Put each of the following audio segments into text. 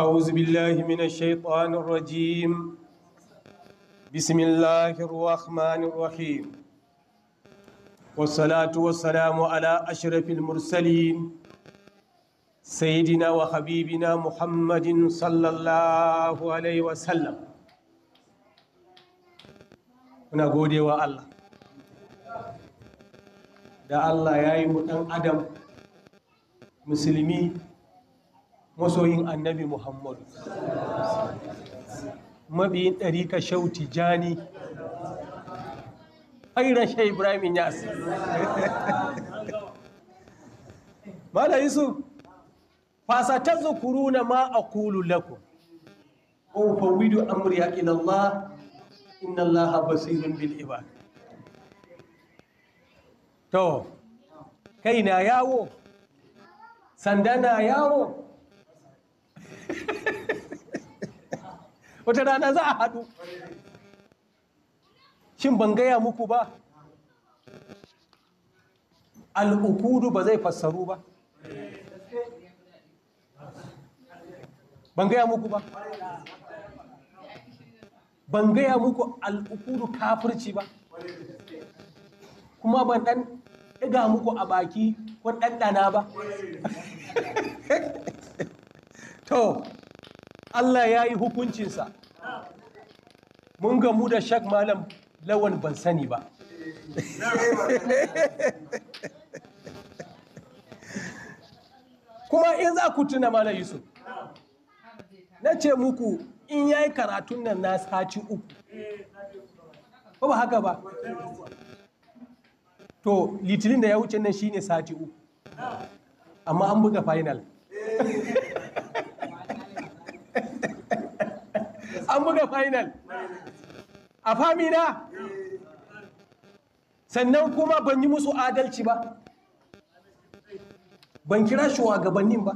أعوذ بالله من الشيطان الرجيم بسم الله الرحمن الرحيم والصلاة والسلام على أشرف المرسلين سيدنا وحبيبنا محمد صلى الله عليه وسلم ونقول الله da Allah ya yi mu ɗan adam musulmi masoyin annabi muhammadu mabiyin ɗarika shauti jani ƙairar shai ibrahim yas mala yusuf zukuru na ma a kulu lakum o oh, fawidu amurya ila allah inna allaha bil to kai na yawo sanda na yawo wata rana za a haɗu shin ban gaya muku ba al'ukudu ba zai fassaru ba ban gaya muku ba ban gaya muku al'ukudu kafirci ba kuma ban ɗan ɗiga muku a baki ko ɗanɗana ba to Allah ya yi hukuncinsa mun gamu da shak malam lawan ban sani ba kuma in za ku tuna malam yusuf na ce muku in ya yi karatun nan na sati uku ba ba haka ba to litilin da ya wuce nan shine sati uku amma an buga final an buga final a famina sannan kuma ban yi musu adalci ba ban kira shugabannin ba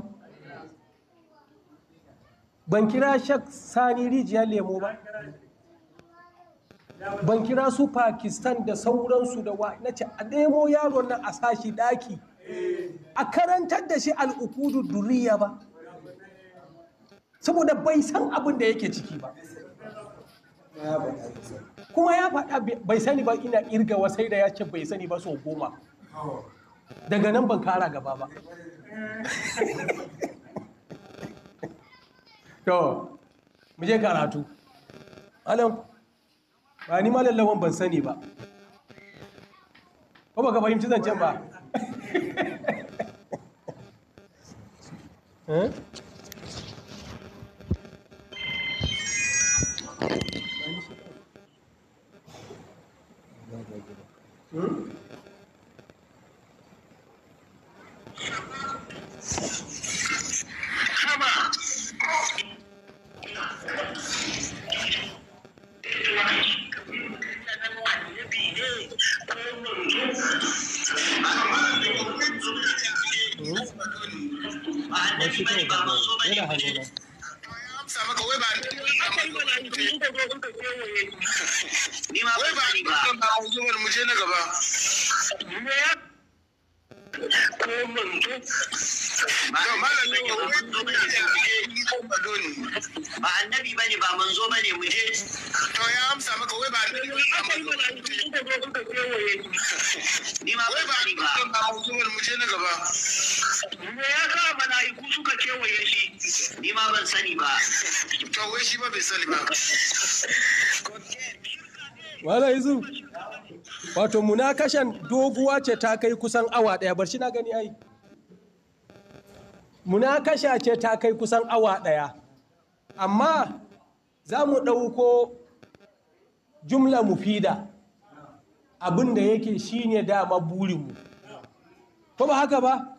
ban kira shak sani rijiyar lemo ba ban kira su pakistan da sauransu da wa na ce a nemo yaron nan a sashi daki a karantar da shi al'ukudu duriya ba saboda bai san abin da yake ciki ba kuma ya faɗa bai sani ba ina irga wasai da ya ce bai sani ba sau goma daga nan ban kara gaba ba to mu je karatu alam ba ni malam lawan ban sani ba ko baka fahimci zancen ba eh? ừ? shi kawai ba ba yana hannu na. Sama kawai ba. Akwai mana yi da gogon ka kewaye. ni ma ba ni ba ba mu je na gaba ko mun to da malami ne wai duniya ce ni ko bado ne ba annabi bane ba manzo bane mu je to ya amsa maka wai ba annabi ba manzo ni ma ba ni ba zuwan mu je na gaba me ya sa mala'iku suka kewaye shi ni ma ban sani ba to wai shi ba bai sani ba Wala yanzu Wato munakashan doguwa ce ta kai kusan awa ɗaya bar shi na gani ai. Munakasha ce ta kai kusan awa ɗaya. Amma za mu ɗauko jumla mufida abin da yake shine dama burinmu. Ko ba haka ba?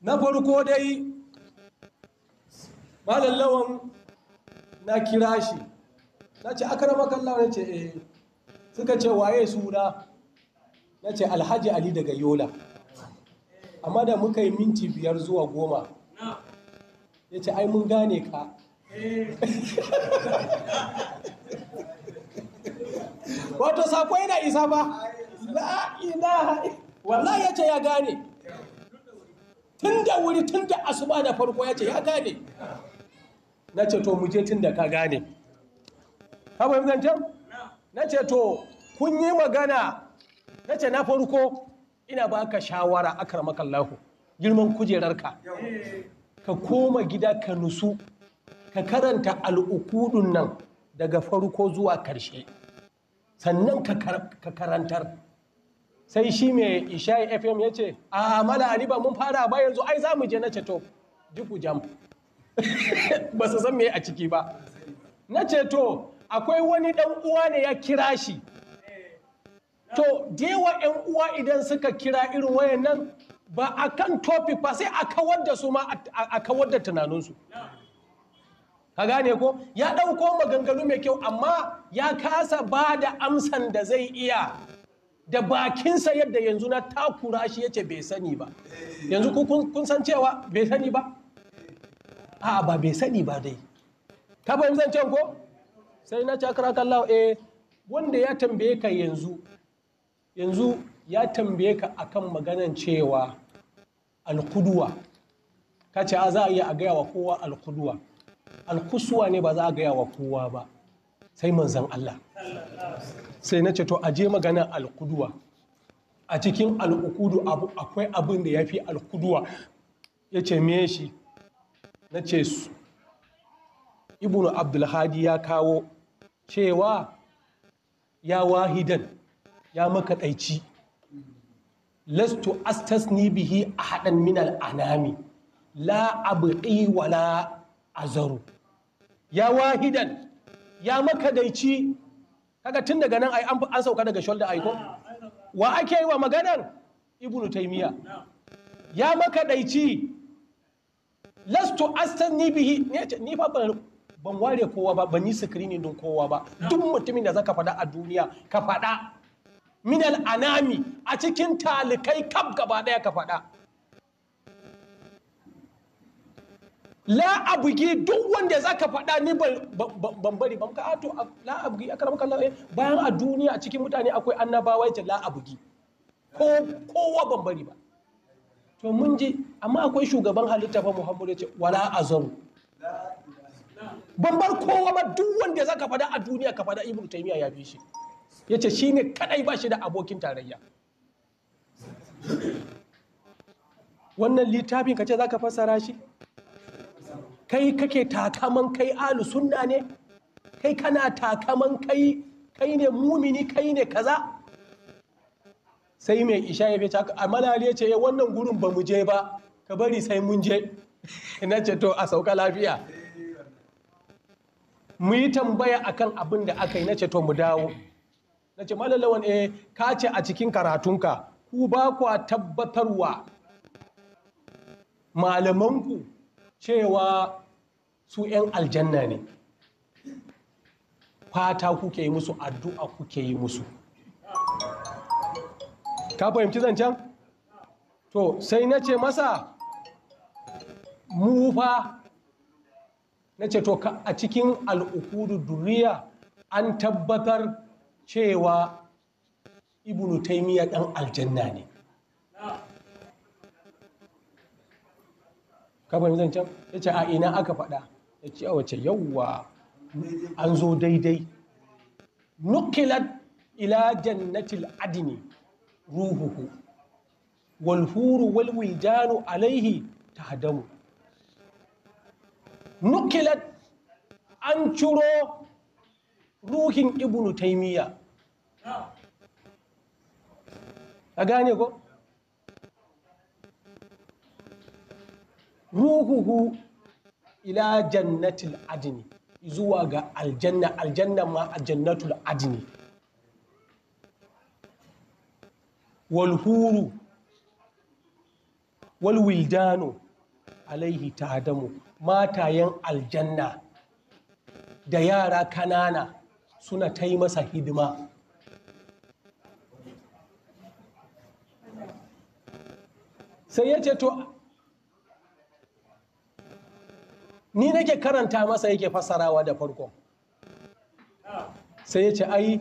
Na farko dai, malallawan na kira shi. ta ce akaramakan lawa na ce eh suka ce waye suna na ce alhaji ali daga yola amma da muka yi minti biyar zuwa goma ya ce ai mun gane ka wato sakwai yana isa ba la'ilaha wallahi ya ce ya gane tun da wuri tun da asuba da farko ya ce ya gane na ce to mu je tun da ka gane ka fahimci zancen na ce to kun yi magana na ce na farko ina ba ka shawara a makallahu girman kujerarka ka koma gida ka nusu ka karanta al'ukudun nan daga farko zuwa karshe sannan ka karantar sai shi mai isha'i fm ya ce a mala ni ba mun fara ba yanzu ai za mu je na ce to. Jiku jam ba su san me a ciki ba na ce to. akwai wani ɗan uwa ne ya kira shi to dewa ‘yan uwa idan suka kira irin wayan nan ba a kan topic ba sai a kawar da su ma a kawar da tunaninsu ka gane ko ya ɗauko maganganu mai kyau amma ya kasa ba da amsan da zai iya da bakinsa yadda yanzu na takura shi ya bai sani ba yanzu kun san cewa bai sani ba a ba bai sani ba dai ka fahimtar ko sai na ci akara kallawa eh wanda ya tambaye ka yanzu yanzu ya tambaye ka akan maganan cewa alkuduwa ka ce a za a iya a gaya wa kowa alkuduwa alkusuwa ne ba za a gaya wa kowa ba sai manzan Allah sai na ce to aje maganan alkuduwa a cikin al'ukudu akwai abin da ya fi alkuduwa ya ce me shi na ce su ibnu abdulhadi ya kawo cewa ya wahidan ya makaɗaici lastu astasni bihi a haɗan minal anami la abqi wala azaru ya wahidan ya makaɗaici kaga tun daga nan an sauka daga shoulder aiko wa ake yi wa maganar ibnu taimiyya ya makaɗaici lastu astasni bihi ni fa ban ware kowa ba ban yi screening din kowa ba duk mutumin da zaka faɗa a duniya ka faɗa minal anami a cikin talikai kaf gaba ɗaya ka faɗa la abugi duk wanda zaka faɗa ni ban bari ban ka ato ah, la abugi akram kallah eh, bayan a duniya a cikin mutane akwai annabawa yace la abugi kowa ban bari ba to mun ji amma akwai shugaban halitta fa Muhammadu ce wala azam ban bar kowa ba duk wanda za ka fada a duniya ka fada ibnu taymiya ya bi shi yace shine kadai ba shi da abokin tarayya wannan littafin ka ce za ka fassara shi kai kake takaman kai alu sunna ne kai kana takaman kai kai ne mumini kai ne kaza sai mai isha ya fice a malali ya ce eh, wannan gurin ba mu je ba ka bari sai mun je na ce to a sauka lafiya mu yi tambaya akan abin da aka yi na ce to mu dawo na ce malalawan eh ka ce a cikin karatunka ku ba kwa tabbatarwa malamanku cewa su 'yan aljanna ne fata kuke yi musu addu'a kuke yi musu ka fahimci zancen? to sai na ce masa mu fa na ce to a cikin al'ukudu duniya an tabbatar cewa ibnu taimiyya ɗan aljanna ne kafin zancen ya ce a ina aka faɗa ya ce wace yauwa an zo daidai nukilat ila jannatil adini ruhuhu walhuru walwiljanu alaihi ta hadamu nukilat an ciro ruhin ibnu taimiyya a gane ko ruhuhu ila jannatul adini zuwa ga aljanna aljanna ma a jannatul adini walhuru walwildano alaihi ta damu matayen aljanna da yara kanana suna ta yi masa hidima sai ya ce to ni nake karanta masa yake fasarawa da farko sai ya ce ai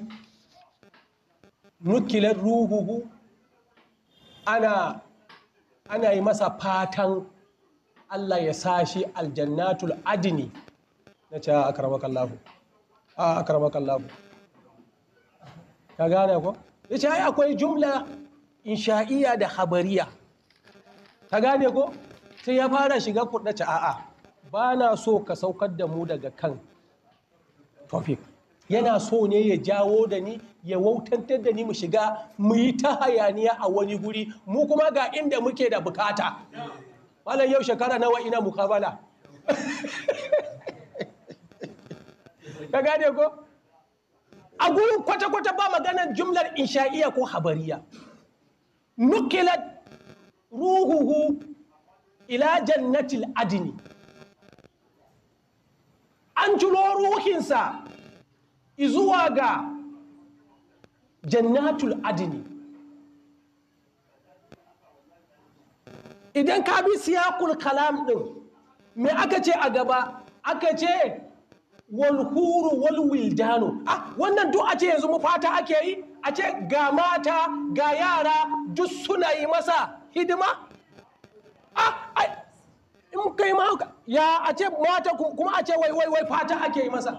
nukilar ruhuhu ana yi masa fatan Allah ya sa shi aljannatul adini na ce a karamakallahu a karamakallahu ka gane ko ya ce akwai jumla insha'iya da habariya ka gane ko sai ya fara shiga kudace a'a ba na so ka saukar da mu daga kan topic yana so ne ya jawo da ni ya wautantar da ni mu shiga mu yi ta hayaniya a wani guri mu kuma ga inda muke da bukata malam yau shekara nawa ina mukabala ka gane ko a gurin kwata-kwata ba maganar jumlar insha'iya ko habariya nukilat ruhuhu ila jannatil adini an ciro ruhinsa izuwa ga jannatul adini idan ka bi siyakul kalam din, me aka ce a gaba aka ce walhuru walwildano ah wannan duk a ce yanzu mu fata ake yi a ce ga mata ga yara duk suna yi masa hidima ah in kai ma ya a ce mata kuma a ce wai wai wai fata ake yi masa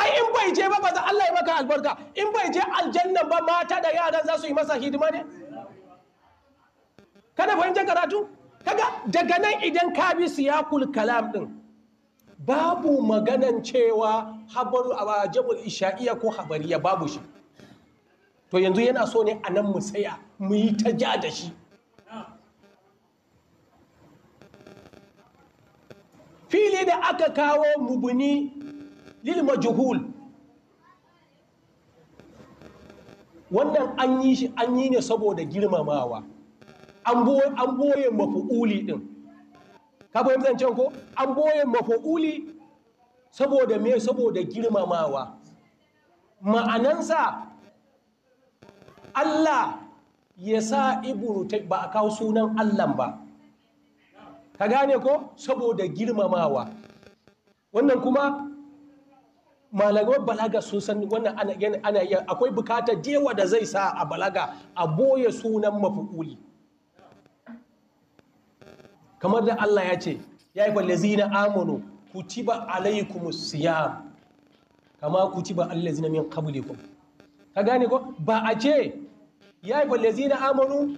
ai in bai je ba ba za Allah ya maka albarka in bai je aljanna ba mata da yaran za su yi masa hidima ne kada fahimtar karatu kaga daga nan idan ka bi siyakul kalam din babu maganan cewa habaru a jabul isha'iya ko habariya babu shi to yanzu yana so ne a nan mu tsaya mu yi ta ja da shi fili da aka kawo mubuni lil majhul wannan an yi shi an yi ne saboda girmamawa an boye mafu'uli ɗin ka fahimci zancen ko an boye mafa'uli saboda me saboda girmamawa ma'anansa Allah ya sa iburu ba a kawo sunan Allahn ba ka gane ko saboda girmamawa wannan kuma malamai balaga sun san wannan ana akwai bukatar dewa da zai sa a balaga a boye sunan mafi'uli kamar da Allah ya ce ya yi fallazina amanu ba alaikumus siyam kama ku ci kutiba zina min qablikum ka gane ko ba a ce ya yi fallazina amanu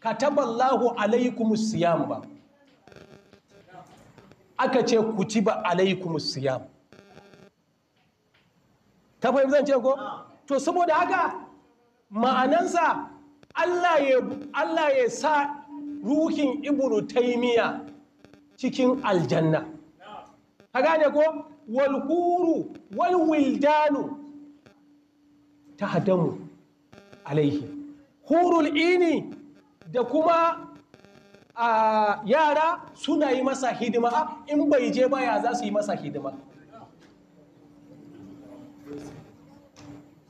kataballahu alaikumus siyam ba aka ce ku ci ba alaikumus siyam ta fahimci zan ce ko to saboda haka ma'anansa Allah ya sa ruhin ibnu taimiya cikin aljanna ka gane ko walhuru walwildanu ta hadamu alaihi hurul ini da kuma a yara suna yi masa hidima in bai je baya za su yi masa hidima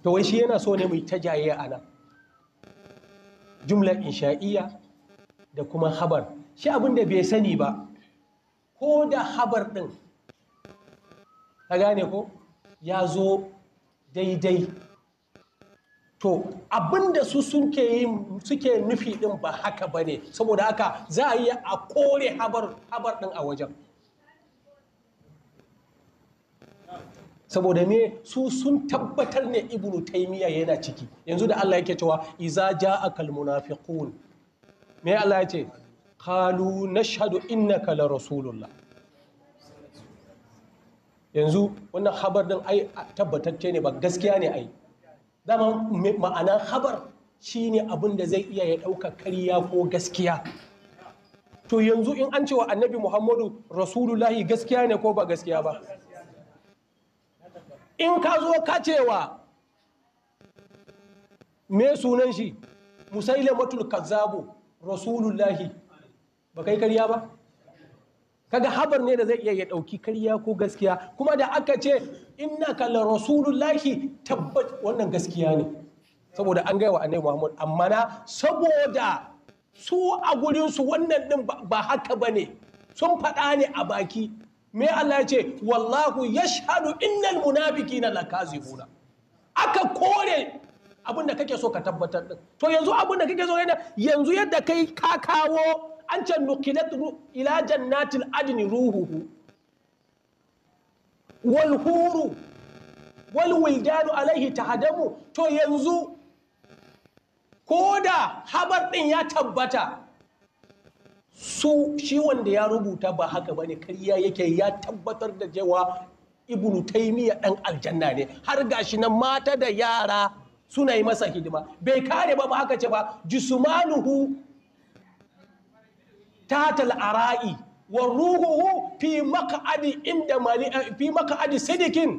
to wai shi yana so ne mai ta jaye a nan jumlar insha'iyya da kuma habar shi abin da bai sani ba ko da habar ɗin ka gane ko ya zo daidai to abin da su suke yi suke nufi ɗin ba haka ba ne saboda haka za a yi a kore habar ɗin a wajen saboda me su sun tabbatar ne ibnu taimiyya yana ciki yanzu da Allah yake cewa iza ja'a kalmunafiqun me Allah ya ce shadu nashhadu innaka la rasulullah yanzu wannan habar din ai tabbatacce ne ba gaskiya ne ai dama ma'anar habar shine abin da zai iya ya ɗauka kariya ko gaskiya to yanzu in an cewa annabi muhammadu rasulullahi gaskiya ne ko ba gaskiya ba in ka zo ka cewa me sunan shi musailamatul kazzabu rasulullahi ba kai karya ba kaga habar ne da zai iya ya ɗauki karya ko gaskiya kuma da aka ce inna kalla rasulullahi tabbat wannan gaskiya ne saboda an gaya wa annabi muhammad amma na saboda su a gurinsu wannan din ba haka ba ne sun faɗa ne a baki me Allah ya ce wallahu yashhadu innal munafiqina lakazibuna aka kore abin da kake so ka tabbatar din to yanzu abin da kake so yana yanzu yadda kai ka kawo an ce nuqilat ila jannatil adni ruhuhu wal huru wal wildanu alaihi tahadamu to yanzu koda habar din ya tabbata su shi wanda ya rubuta ba haka bane kariya yake ya tabbatar da cewa ibnu taymiya dan aljanna ne har gashi nan mata da yara suna yi masa hidima bai kare ba ba aka ce ba jisumanuhu tatal ara'i wa ruhuhu fi maka'adi inda mali fi maka'adi sidikin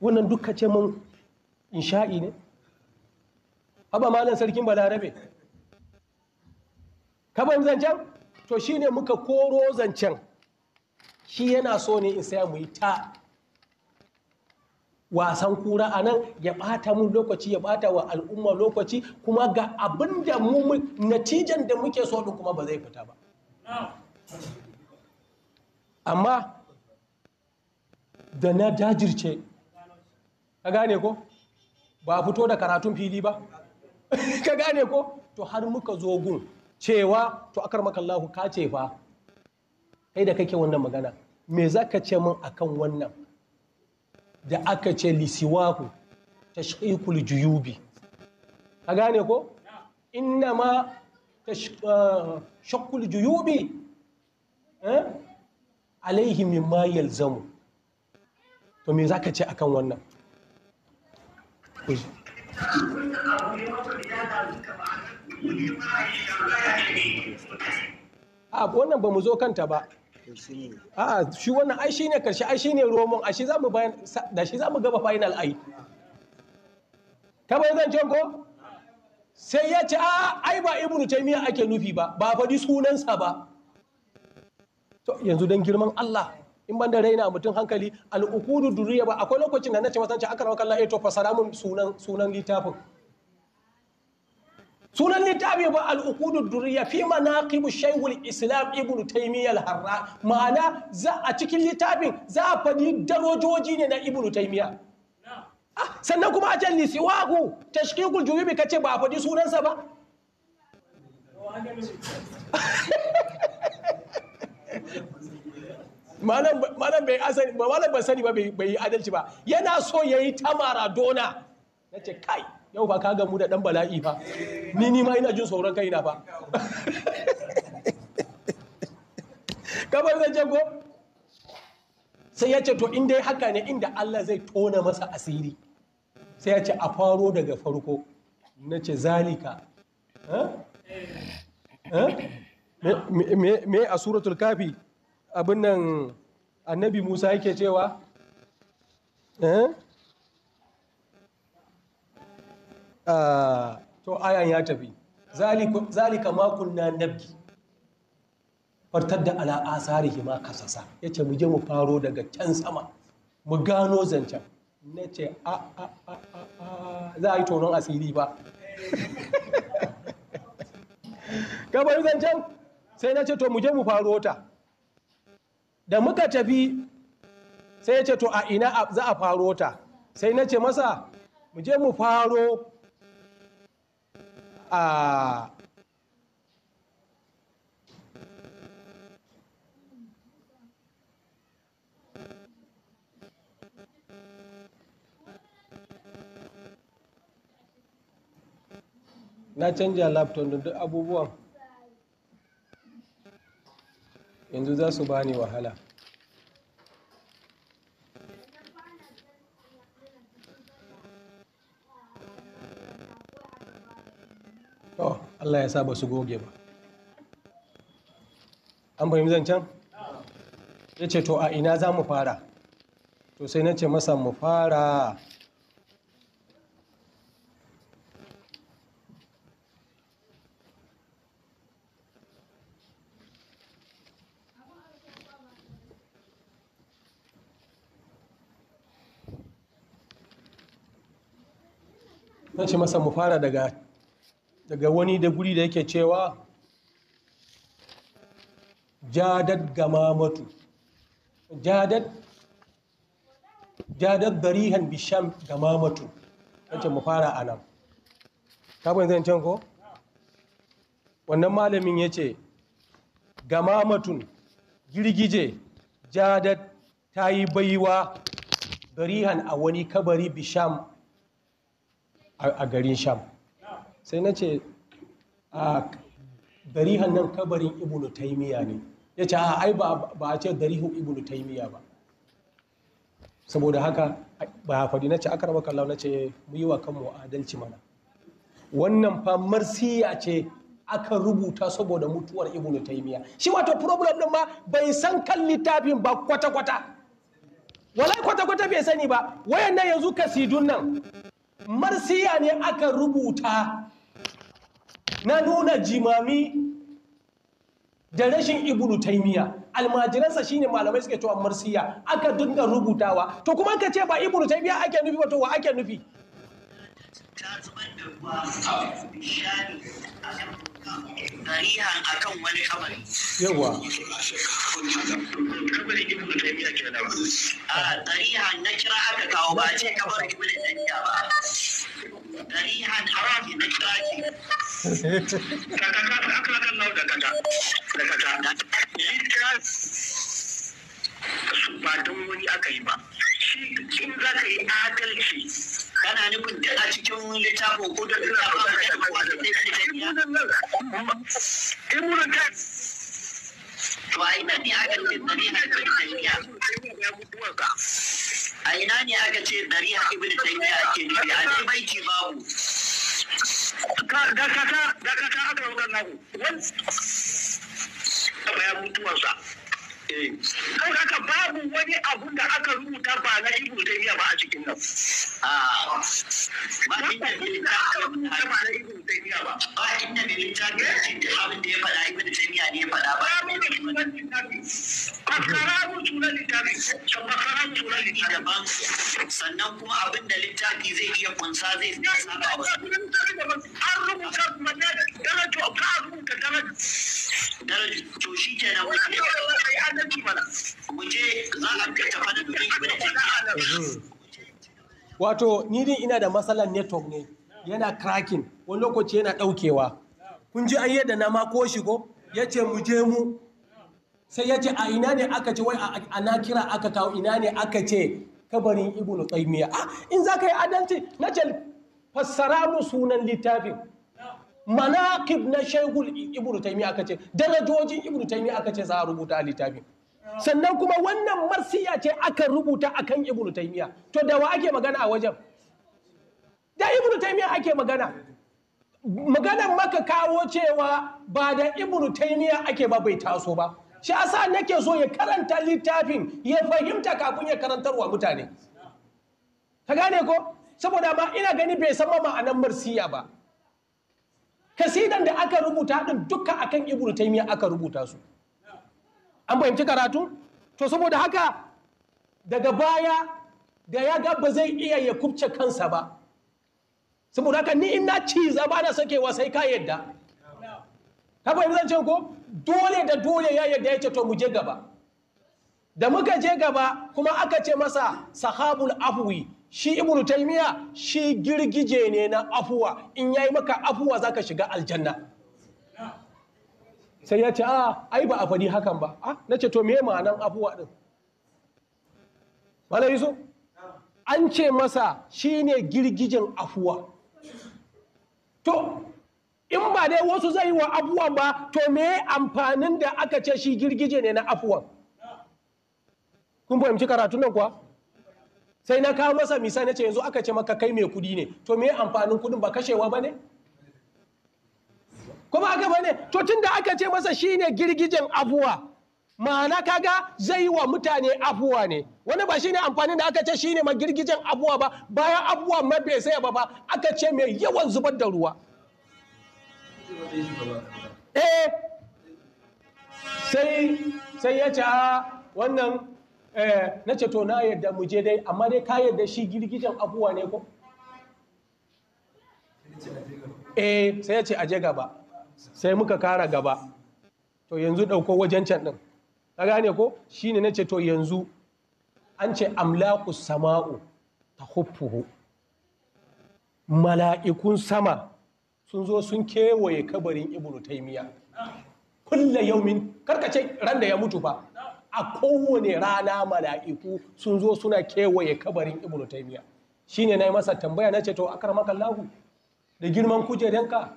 wannan duka ce mun insha'i ne haba malam sarkin balarabe kaban zancen to shine muka koro zancen shi yana so ne in saya mu yi ta wasan kura a nan ya ɓata mun lokaci ya bata wa al'umma lokaci kuma ga abin da mu natijan da muke so ɗin kuma ba zai fita ba amma da na dajirce ka gane ko ba fito da karatun fili ba ka gane ko to har muka zo gun cewa to akar makallahu ka ce fa kai da kake wannan magana me za ka ce min akan wannan da aka ce lisiwahu Shaikul juyubi ka gane ko inna ma eh, Shaikul juyubi eh, alaihi mayal zamu to me za ka ce akan wannan a wannan ba mu zo kanta ba a ah, shi wannan ai shine karshe ai shine romon shi zamu bayan da shi zamu gaba final ai ta bai zan ko sai ya ce a ah, ai ba ibnu taymiya ake nufi ba ba faɗi sunansa ba yanzu dan girman Allah in ban da raina mutum hankali al'ukudu duriya ba akwai lokacin da na ce masanci aka rawa kallon eto eh fasara mun sunan littafin sunan littafi ba al'ukudu duriya fi manaqibu shaihul islam ibn taimiyar harra ma'ana za a cikin littafin za a fadi darajoji ne na ibn taimiyar. Ah, sannan kuma a can lisiwahu tashkikul ka kace ba a fadi sunansa ba malam bai asani ba malam ban sani ba bai yi adalci ba yana so yayi ta maradona nace kai yau ba ka gamu da dan bala'i ba ni ni ma ina jin sauran kaina fa kamar zan jago sai ya ce to in dai haka ne inda Allah zai tona masa asiri sai ya ce a faro daga farko na ce zalika me a suratul kafi abin nan annabi musa yake cewa to ayan ya tafi zalika ma kunna nabki fartar da ala asarihi ma kasasa ya ce mu je mu faro daga can sama mu gano zancen na ce a a a a za a yi tonon asiri ba gabar zancen sai na ce to mu je mu faro ta da muka tafi sai ya ce to a ina za a faro ta sai na ce masa mu je mu faro a na canja laptop da duk abubuwan yanzu za su bani wahala Allah ya sa ba su goge ba an fahimci zancen ya ce to a ina za mu fara to sai na ce masa mu fara na ce masa mu fara daga daga wani da guri da yake cewa jadad matu jadad jadad barihan bisham matu wacce mu fara a nan ta kwanzan can ko? wannan malamin ya ce gama gamamatun girgije jadad ta yi baiwa barihan a wani kabari bisham a garin sham sai na ce a darihan nan kabarin ibnu taimiya ne ya ce ai ba a ce darihun ibnu taimiya ba saboda haka ba faɗi na ce aka raba kallon na ce mu yi wa kanmu adalci mana wannan fa marsiya ce aka rubuta saboda mutuwar ibnu taimiya shi wato problem din ma bai san kan littafin ba kwata-kwata walai kwata-kwata bai sani ba wayannan yanzu kasidun nan marsiya ne aka rubuta na nuna jimami da rashin ibnu taimiya almajiransa shine malamai suke cewa marsiya aka dinga rubutawa to kuma ka ce ba ibnu taimiya ake nufi ba to wa ake nufi yawa na kira aka kawo ba ce kabarin ibnu ba tarihan harafi na kira ki kakaka da aka lakan nau da kaka da kaka shi kira ba don wani aka yi ba shi in za ka yi adalci kana nufin da a cikin littafin ko da kira ba ka yi ba da kai munan ta to a yi nan ne a adalcin da ne a na kai da a ina ne aka ce dariya ibn taymiya ake nufi a ce baiti babu da kaka ga kaka aka rukar naku mutuwa sa. Kan haka babu wani abun da aka rubuta ba na ibu ta Taymiya ba a cikin nan. Ba ni da inda bai rubuta ba na ibu ta Taymiya ba. Ba ni inda bai littafi ba cikin abin da ya faɗa Ibn Taymiya ne ya faɗa ba. Ba mu da sunan littafi. Bakaramu sunan littafi. Bakaramu sunan littafi. Sannan kuma abin da littafi zai iya kunsa zai sa saba wa. wato ni din ina da matsalar network ne yana cracking wani lokaci yana daukewa kun ji an yadda na ko shi ko ya ce mu je mu sai ya ce a ina ne aka ce wai a na kira aka kawo ina ne aka ce kabarin ibnu taymiya ah in za ka yi adalci na ce fassara mu sunan littafin manaqib na shaykhul ibnu taimi aka ce darajojin ibnu taimi aka ce za a rubuta a littafin sannan kuma wannan marsiya ce aka rubuta akan ibnu taymiya to da wa ake magana a wajen da ibnu taymiya ake magana maganan maka kawo cewa ba da ibnu taymiya ake ba bai taso ba shi asa nake so ya karanta littafin ya fahimta kafin ya karantarwa mutane ka gane ko saboda ma ina gani bai san ma ma'anar marsiya ba kasidan da aka rubuta din duka akan ibnu taymiya aka rubuta su an fahimci karatu to saboda haka daga baya da ya ga ba zai iya ya kubce kansa ba saboda haka ni ina ci zaba na sakewa sai ka yadda ka fahimci zan ko dole da dole ya yadda ya ce to mu je gaba da muka je gaba kuma aka ce masa sahabul afwi shi ibnu taymiya shi girgije ne na afuwa in yayi maka afuwa zaka shiga aljanna sai ya ce a ai ba a faɗi hakan ba a na ce to me ma'anan afuwa din malai yusuf an ce masa shine girgijen afuwa to in ba dai wasu zai wa afuwan ba to me amfanin da aka ce shi girgije ne na afuwan kun fahimci karatun nan kuwa sai na kawo masa misali na ce yanzu aka ce maka kai mai kudi ne to me amfanin kudin ba kashewa ba ne kuma aka ba ne to tun da aka ce masa shine girgijen abuwa ma'ana kaga zai yi wa mutane abuwa ne wani ba shine amfanin da aka ce shine girgijen abuwa ba bayan abuwa mabe sai ba ba aka ce mai yawan zubar da ruwa eh sai sai ya ce ah, wannan Eh, na ce to na yadda mu je dai amma dai ka yadda shi girgijen abuwa ne ko eh sai ya ce aje gaba sai muka kara gaba to yanzu dauko wajen can din ka gane ko shine na ce to yanzu an ce amlaku sama'u ta huffuhu mala'ikun sama sun zo sun kewaye kabarin ibnu taymiya kulla yaumin karkace ran da ya mutu fa a kowane rana mala'iku sun zo suna kewaye kabarin ibnu taymiya shine nayi masa tambaya nace to akramaka Allahu da girman kujeranka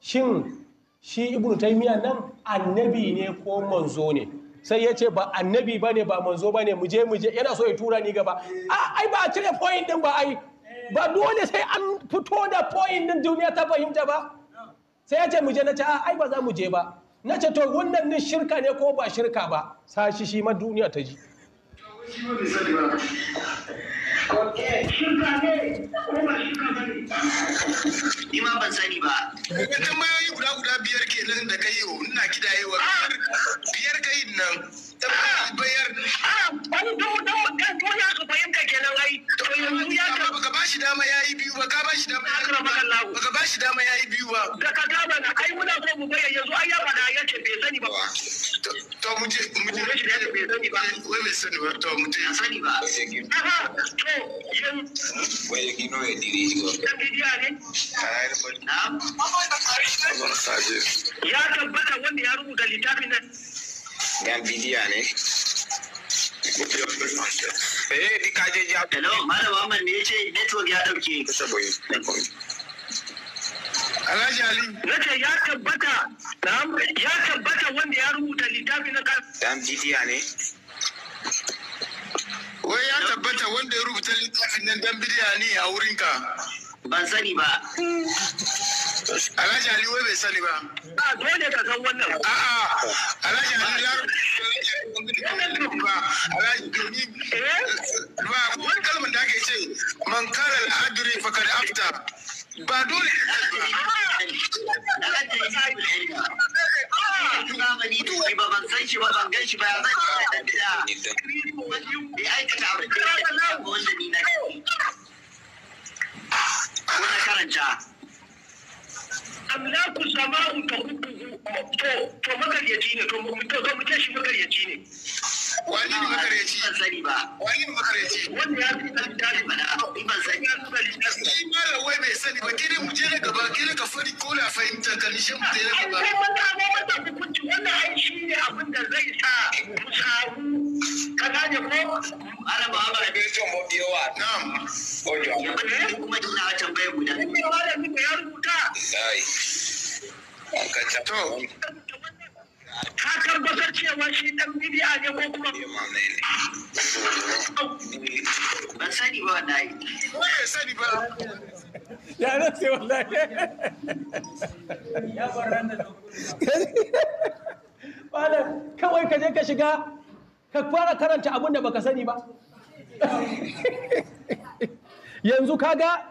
shin shi ibnu taymiya nan annabi ne ko manzo ne sai ya ce ba annabi ba ne ba manzo ba ne muje muje yana so ya tura ni gaba ai ba a cire point din ba ai ba dole sai an fito da point din duniya ta fahimta ba sai ya ce muje na ce ai ba za mu je ba na ce to wannan ne shirka ne ko ba shirka ba sashi shi ma duniya ta ji Shirka ne ko Ni ma ban sani ba. Wannan guda guda biyar kenan da kai yau ina kidayewa. Biyar kai nan. Bayar. Wani dubu dan mutum wani aka fahimta kenan ai. To yanzu ya ka. Baka ba dama yayi biyu ba ka ba shi dama. Baka ba dama yayi biyu ba. Da ka gaba na ai muna so mu bayyana yanzu ai ya faɗa ya ce bai sani ba. To mu je mu je. Bai sani ba. Wai bai sani ba. To mu je. Ya sani ba. to yanzu ya tabbata wanda ya rubuta littafin nan dan bidiya ne eh hello malam ne yace network ya dauke Alhaji Ali. Nace ya tabbata, ya tabbata wanda ya rubuta littafin nan. Dan bidiya ne. wai ya tabbata wanda ya rubuta littafin nan dan bidiya ne a wurinka ban sani ba Alhaji Ali wai bai sani ba. A dole ka san wannan. A'a Alhaji Ali ya rubuta Alhaji domin eh? ba wani kalmar da ake ce man kare al'aduri fakar afta. ba dole ba ban san shi ba ban gan shi ba ya zan yi da dida ya aikata abin da ya yi wanda ni na ko na karanta ku sama'u ta hudu to to magaryaci ne to mutum shi magaryaci ne wani ne makareci ban sani ba wani ne makareci wanda ya fi san jari mana ban sani ni mara wai bai sani ba kire mu je na gaba kire ka fari ko la fahimta karshe mu je na gaba ai mun ta mun ta hukunci wannan ai shi ne abin da zai sa mu samu ka gane ko ana ba da bai son yawa na'am ojo kuma ina tambayar guda ni malami da ya rubuta sai an ka ta to ka tabbatar cewa shi dan bidiya ne ko kuma eh, ban sani ba ban eh, sani ba ya na sai wallahi ya da malam kawai ka je ka shiga ka fara karanta abin da baka sani ba yanzu kaga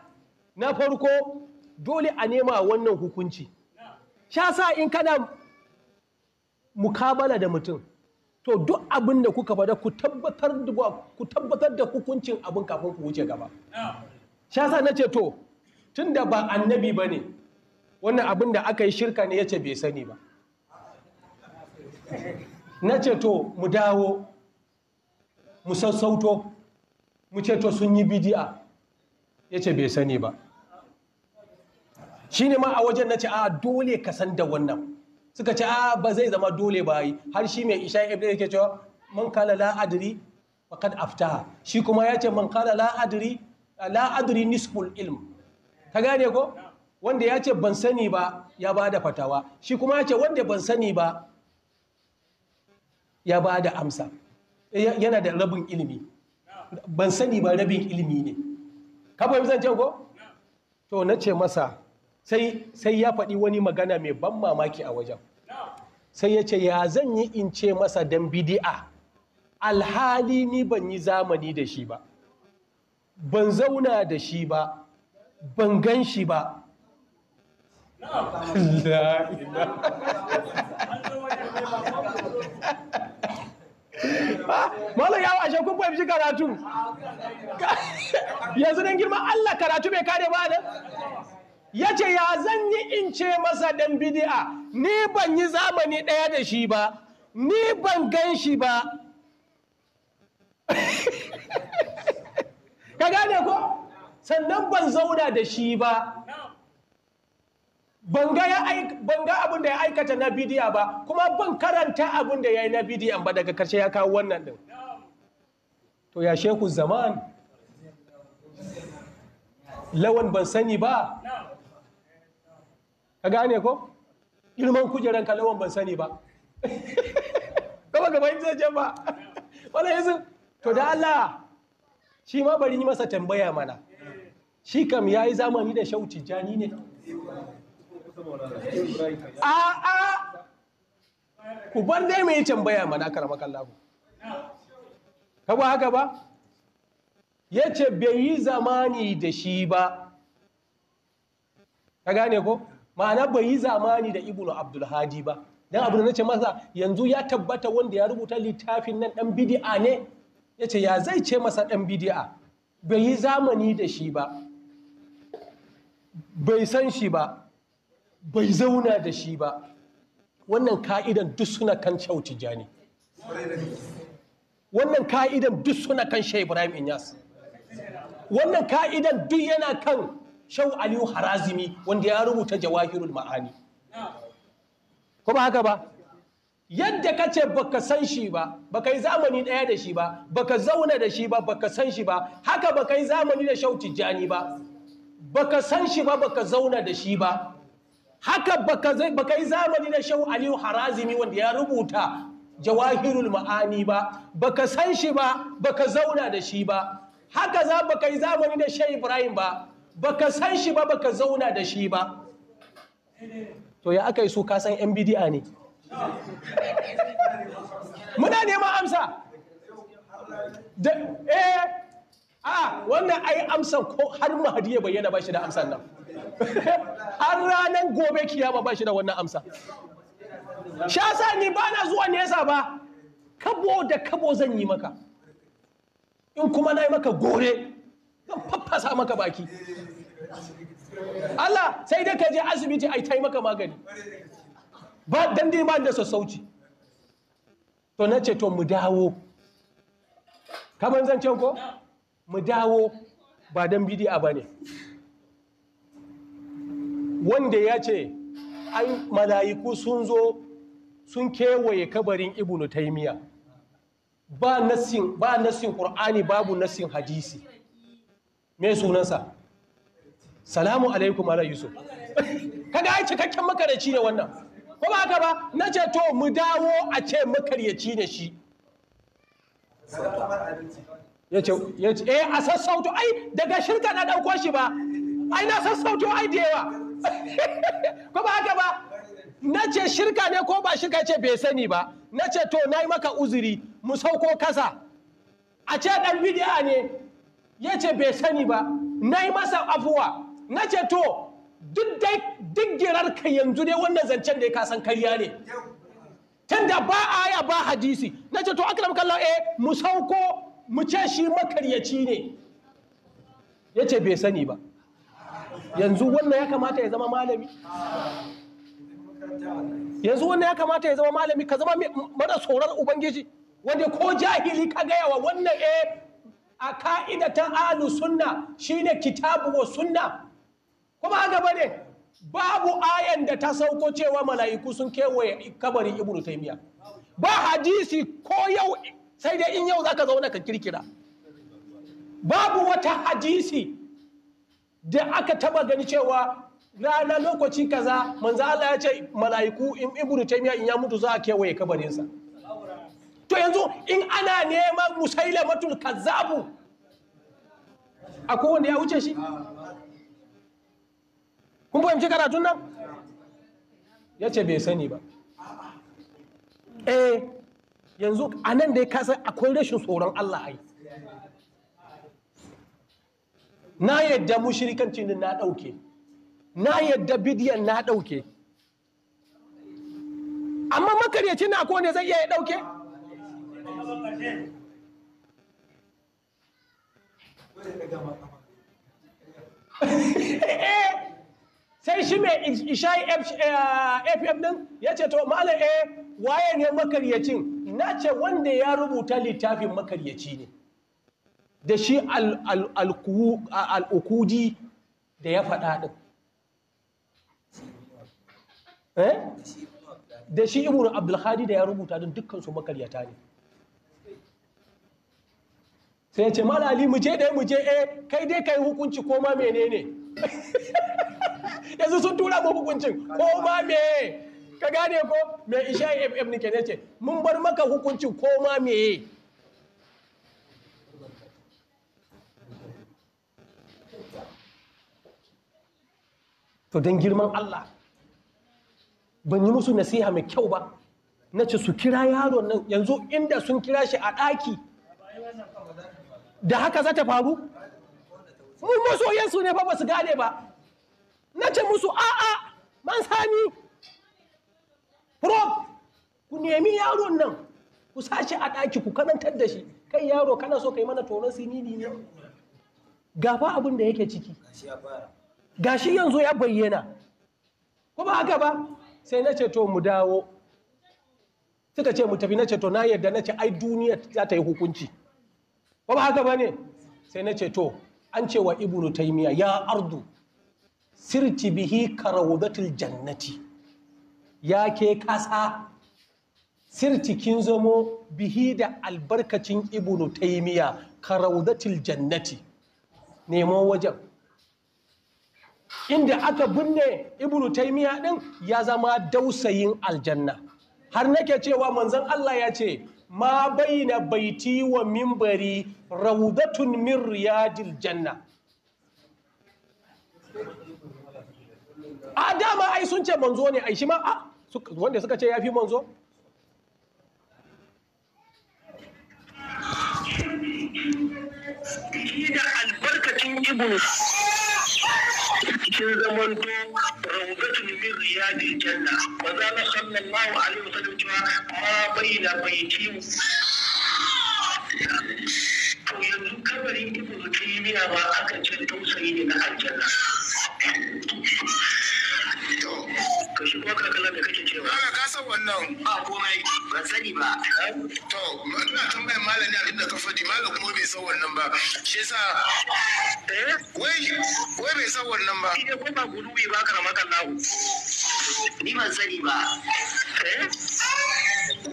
na farko dole a nema wannan hukunci sha in kana mukabala da mutum to duk abin da kuka bada ku tabbatar da hukuncin abin kafin ku wuce gaba shi na nace to tunda ba annabi ba ne wannan abin da aka yi shirka ne yace bai sani ba nace to mu dawo mu sassauto mu ce to sun yi bidi'a yace bai sani ba shine ma a wajen na ce a dole ka san da wannan suka ce a ah, ba zai zama dole ba yi har shi mai isha ibn yake cewa man kala la adri faqad aftaha shi kuma ya ce man kala la adri la adri nisful ilm ka gane ko wanda ya ce ban sani ba ya ba da fatawa shi kuma ya ce wanda ban sani ba ya ba da amsa eh, yana da rabin ilimi ban sani ba rabin ilimi ne ka fahimci zancen ko to na ce masa sai ya faɗi wani magana mai ban mamaki a wajen sai ya ce ya zan yi in ce masa dan bidi'a alhali ni ban yi zamani da shi ba ban zauna da shi ba ban gan shi ba Mala yawa ashe kun fahimci karatu yanzu don girman Allah karatu bai kare ba nan ya ce ya zan yi in ce masa ɗan bidi'a ni ban yi zamani ɗaya da shi ba ni ban gan shi ba ka gane ko sannan ban zauna da shi ba ban ga abin da ya aikata na bidiya ba kuma ban karanta abin da ya yi na bidiyan ba daga karshe ya kawo wannan ɗin to ya sheku zaman lawan ban sani ba ka gane ko girman kujeran kalawan ban sani ba kuma gaba yin zaje ba wani yanzu to da Allah shi ma bari yi masa tambaya mana shi kam ya yi zamani da shau tijjani ne a a ku bar dai mai tambaya mana karamakan labu ka ba haka ba ya ce bai yi zamani da shi ba ka gane ko ma'ana bai yi zamani da ibnu abdulhadi ba dan abu da nace masa yanzu ya tabbata wanda ya rubuta littafin nan dan bid'a ne yace ya zai ce masa dan bid'a bai yi zamani da shi ba bai san shi ba bai zauna da shi ba wannan ka'idan duk suna kan Shehu Jani. wannan ka'idan duk suna kan Shehu Ibrahim Inyas wannan ka'idan duk yana kan shau aliyu harazimi wanda ya rubuta jawahirul ma'ani kuma haka ba yadda ka ce baka san shi ba baka yi zamani ɗaya da shi ba baka zauna da shi ba baka san shi ba haka baka yi zamani da shau tijjani ba baka san shi ba baka zauna da shi ba haka baka yi zamani da shau aliyu harazimi wanda ya rubuta jawahirul ma'ani ba baka san shi ba baka zauna da shi ba haka za baka yi zamani da shai ibrahim ba baka san shi ba baka zauna da shi ba to ya aka yi su kasan yan bidi'a ne muna neman amsa da eh a wannan ai amsan ko har mahadi ya bayyana ba shi da amsan nan har ranar gobe kiyama ba shi da wannan amsa sha sa ni ba na zuwa nesa ba kabo da kabo zan yi maka in kuma na yi maka gore a sa maka baki Allah sai dai ka je asibiti ai tai maka magani ba dan dai ba da sassauci to na ce to mu dawo kaman zancen ko mu dawo ba dan bidi'a bane wanda ya ce ai mala'iku sun zo sun kewaye kabarin ibnu taymiya ba nasin ba nasin qur'ani babu nasin hadisi me sunansa salamu alaikum ala yusuf kada ai cikakken makaraci ne wannan ko ba haka ba na ce to mu dawo a ce makaryaci ne shi ya ce eh a sassauto ai daga shirka na dauko shi ba ai na sassauto ai da yawa ko ba haka ba na ce shirka ne ko ba shirka ce bai sani ba na ce to na yi maka uzuri mu sauko kasa a ce dan bidiya ne ya ce bai sani ba na yi masa afuwa na ce to duk girar ka yanzu dai wannan zancen da ya kasan karya ne tun da ba aya ba hadisi na ce to aka da kallon eh mu sauko mu ce shi makaryaci ne ya ce bai sani ba yanzu wannan ya kamata ya zama malami yanzu wannan ya kamata ya zama malami ka zama mara tsoron ubangiji wanda ko jahili ka gaya wa wannan eh a ka'idatan alu sunna shine kitabu wa sunna kuma gaba ne babu ayan da ta sauko cewa mala'iku sun kewaye kabarin ibnu taymiya ba hadisi ko yau sai dai in yau zaka zauna ka kirkira babu wata hadisi da aka taba gani cewa rana lokaci kaza manzo Allah ya ce mala'iku in ibnu taymiya in ya mutu za a kewaye kabarinsa to yanzu in ana neman musaila matul kazzabu akwai wanda ya wuce shi kun fahimci karatun nan ya ce bai sani ba eh yanzu a nan da ya kasa akwai rashin tsoron Allah ai na yadda mushrikanci na ɗauke na yadda bidiyan na ɗauke amma makaryaci na akwai wanda zai iya ya ɗauke sai shi mai ishai fm eh, din ya ce to malam e waye ne makaryacin na ce wanda ya rubuta littafin makaryaci ne da shi al'ukudi da ya faɗa ɗin eh? da shi imuru abdulhadi da ya rubuta ɗin su makaryata ne sai ya ce malali mu je dai mu je eh kai dai kai hukunci ko ma menene yanzu sun tura mu hukuncin ko ma me ka gane ko me isha fm ne kenan ce mun bar maka hukuncin ko ma me to don girman Allah ban yi musu nasiha mai kyau ba na ce su kira yaron nan yanzu inda sun kira shi a ɗaki da haka za ta faru Mun masoyansu ne fa ba su gane ba na ce musu a'a man sami prof ku nemi yaron nan ku sashi a ɗaki ku kanantar da shi kai yaro kana so kai mana tonon sinini ne gafa abin da yake ciki gashi yanzu ya bayyana ko ba haka ba sai na ce to mu dawo suka ce mu tafi na ce to na yadda na ce ai duniya za ta yi hukunci ba ba haka bane sai na ce to an ce wa ibnu taimiya ya ardu sirti bihi karawdatil jannati ya ke kasa sirti kin zamo bihi da albarkacin ibnu taymiya karawdatil jannati nemo wajen inda aka binne ibnu taimiya din ya zama dausayin aljanna har nake cewa manzon Allah ya ce ma baina baiti wa mimbari raudatun min riyadil janna a dama ai sun ce manzo ne ai shi ma a wanda suka ce ya fi manzo da albarkacin ibnu kin zamanto rawdatun min riyadil janna wa zala sallallahu alaihi wasallam cewa ma baina baiti to yanzu kabarin ibnu taymiya ba aka ce tausayi ne na aljanna to shi kuma kakala da kake cewa kaga ka san wannan ba komai ban sani ba to ina tambayar malami abinda ka faɗi malam kuma bai san wannan ba shi yasa eh? wai wai bai san wannan ba ina ko ba gudubi ba karamaka Allah ni ban sani ba eh?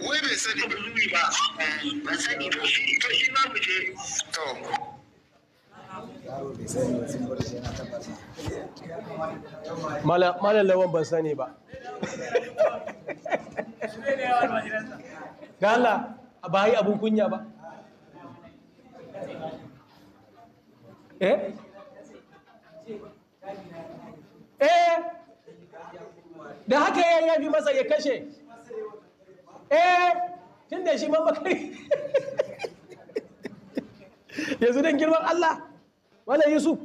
wai bai sani ba eh, ban sani ba to shi ma mu je to malam lawan ban sani ba ga Allah ba yi abin kunya ba eh eh da haka ya fi masa ya kashe eh tun da shi mamakari yanzu don girman Allah wala yusuf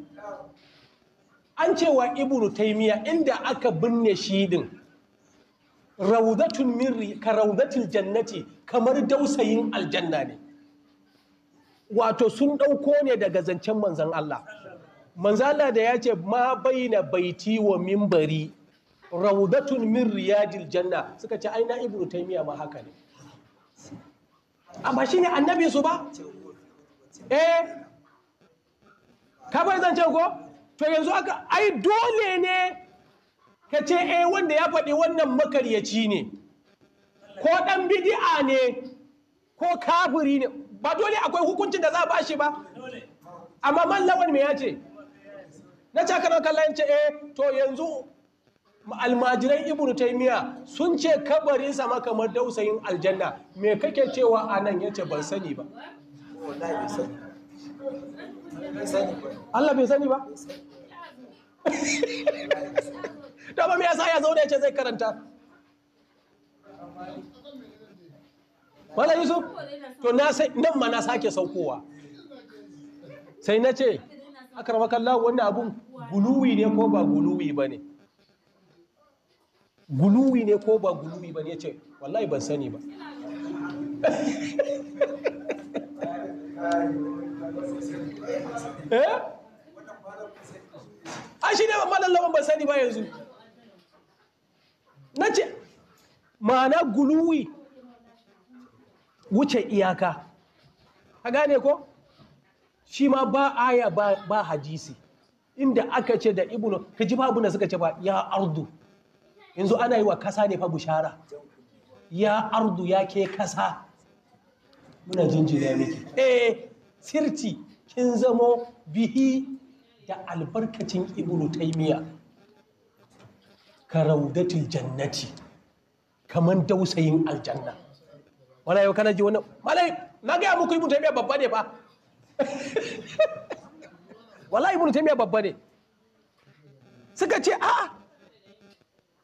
an cewa ibnu taimiya inda aka binne shi din raudatun mirri ka raudatul jannati kamar dausayin aljanna ne wato sun ɗauko ne daga zancen manzan Allah manzan Allah da ya ce ma baina baiti wa mimbari raudatun min riyadil janna suka ce aina ibnu taymiya ma haka ne amma shine annabi su ba eh ka zance ko to yanzu aka ai dole ne ka ce eh wanda ya faɗi wannan makaryaci ne ko ɗan bidi'a ne ko kafiri ne ba dole akwai hukuncin da za a ba shi ba amma man lawan me ya ce na ce kana kallon ce eh to yanzu almajiran ibnu taymiya sun ce kabarin sama kamar dausayin aljanna me kake cewa anan yace ban sani ba wallahi sani Allah bai sani ba to ba me yasa ya zauna ce zai karanta Wala Yusuf to na nan ma na sake saukowa sai na ce akarmakallahu wannan abun guluwi ne ko ba guluwi ba ne guluwi ne ko ba guluwi ba ne ya ce wallahi ban sani ba eh a shi ne lawan sani ba yanzu na ce ma'ana guluwi wuce iyaka a gane ko shi ma ba aya ba hadisi inda aka ce da ibnu ka ji babu na suka ce ba ya ardu yanzu ana yi wa kasa ne fa bushara ya ardu ya ke kasa muna jinjina miki eh sirci kin zamo bihi da albarkacin ibnu taimiya ka jannati kaman dausayin aljanna wala yau kana ji wani. malai na gaya muku ibnu taimiya babba ne ba wala ibnu taimiya babba ne suka ce a'a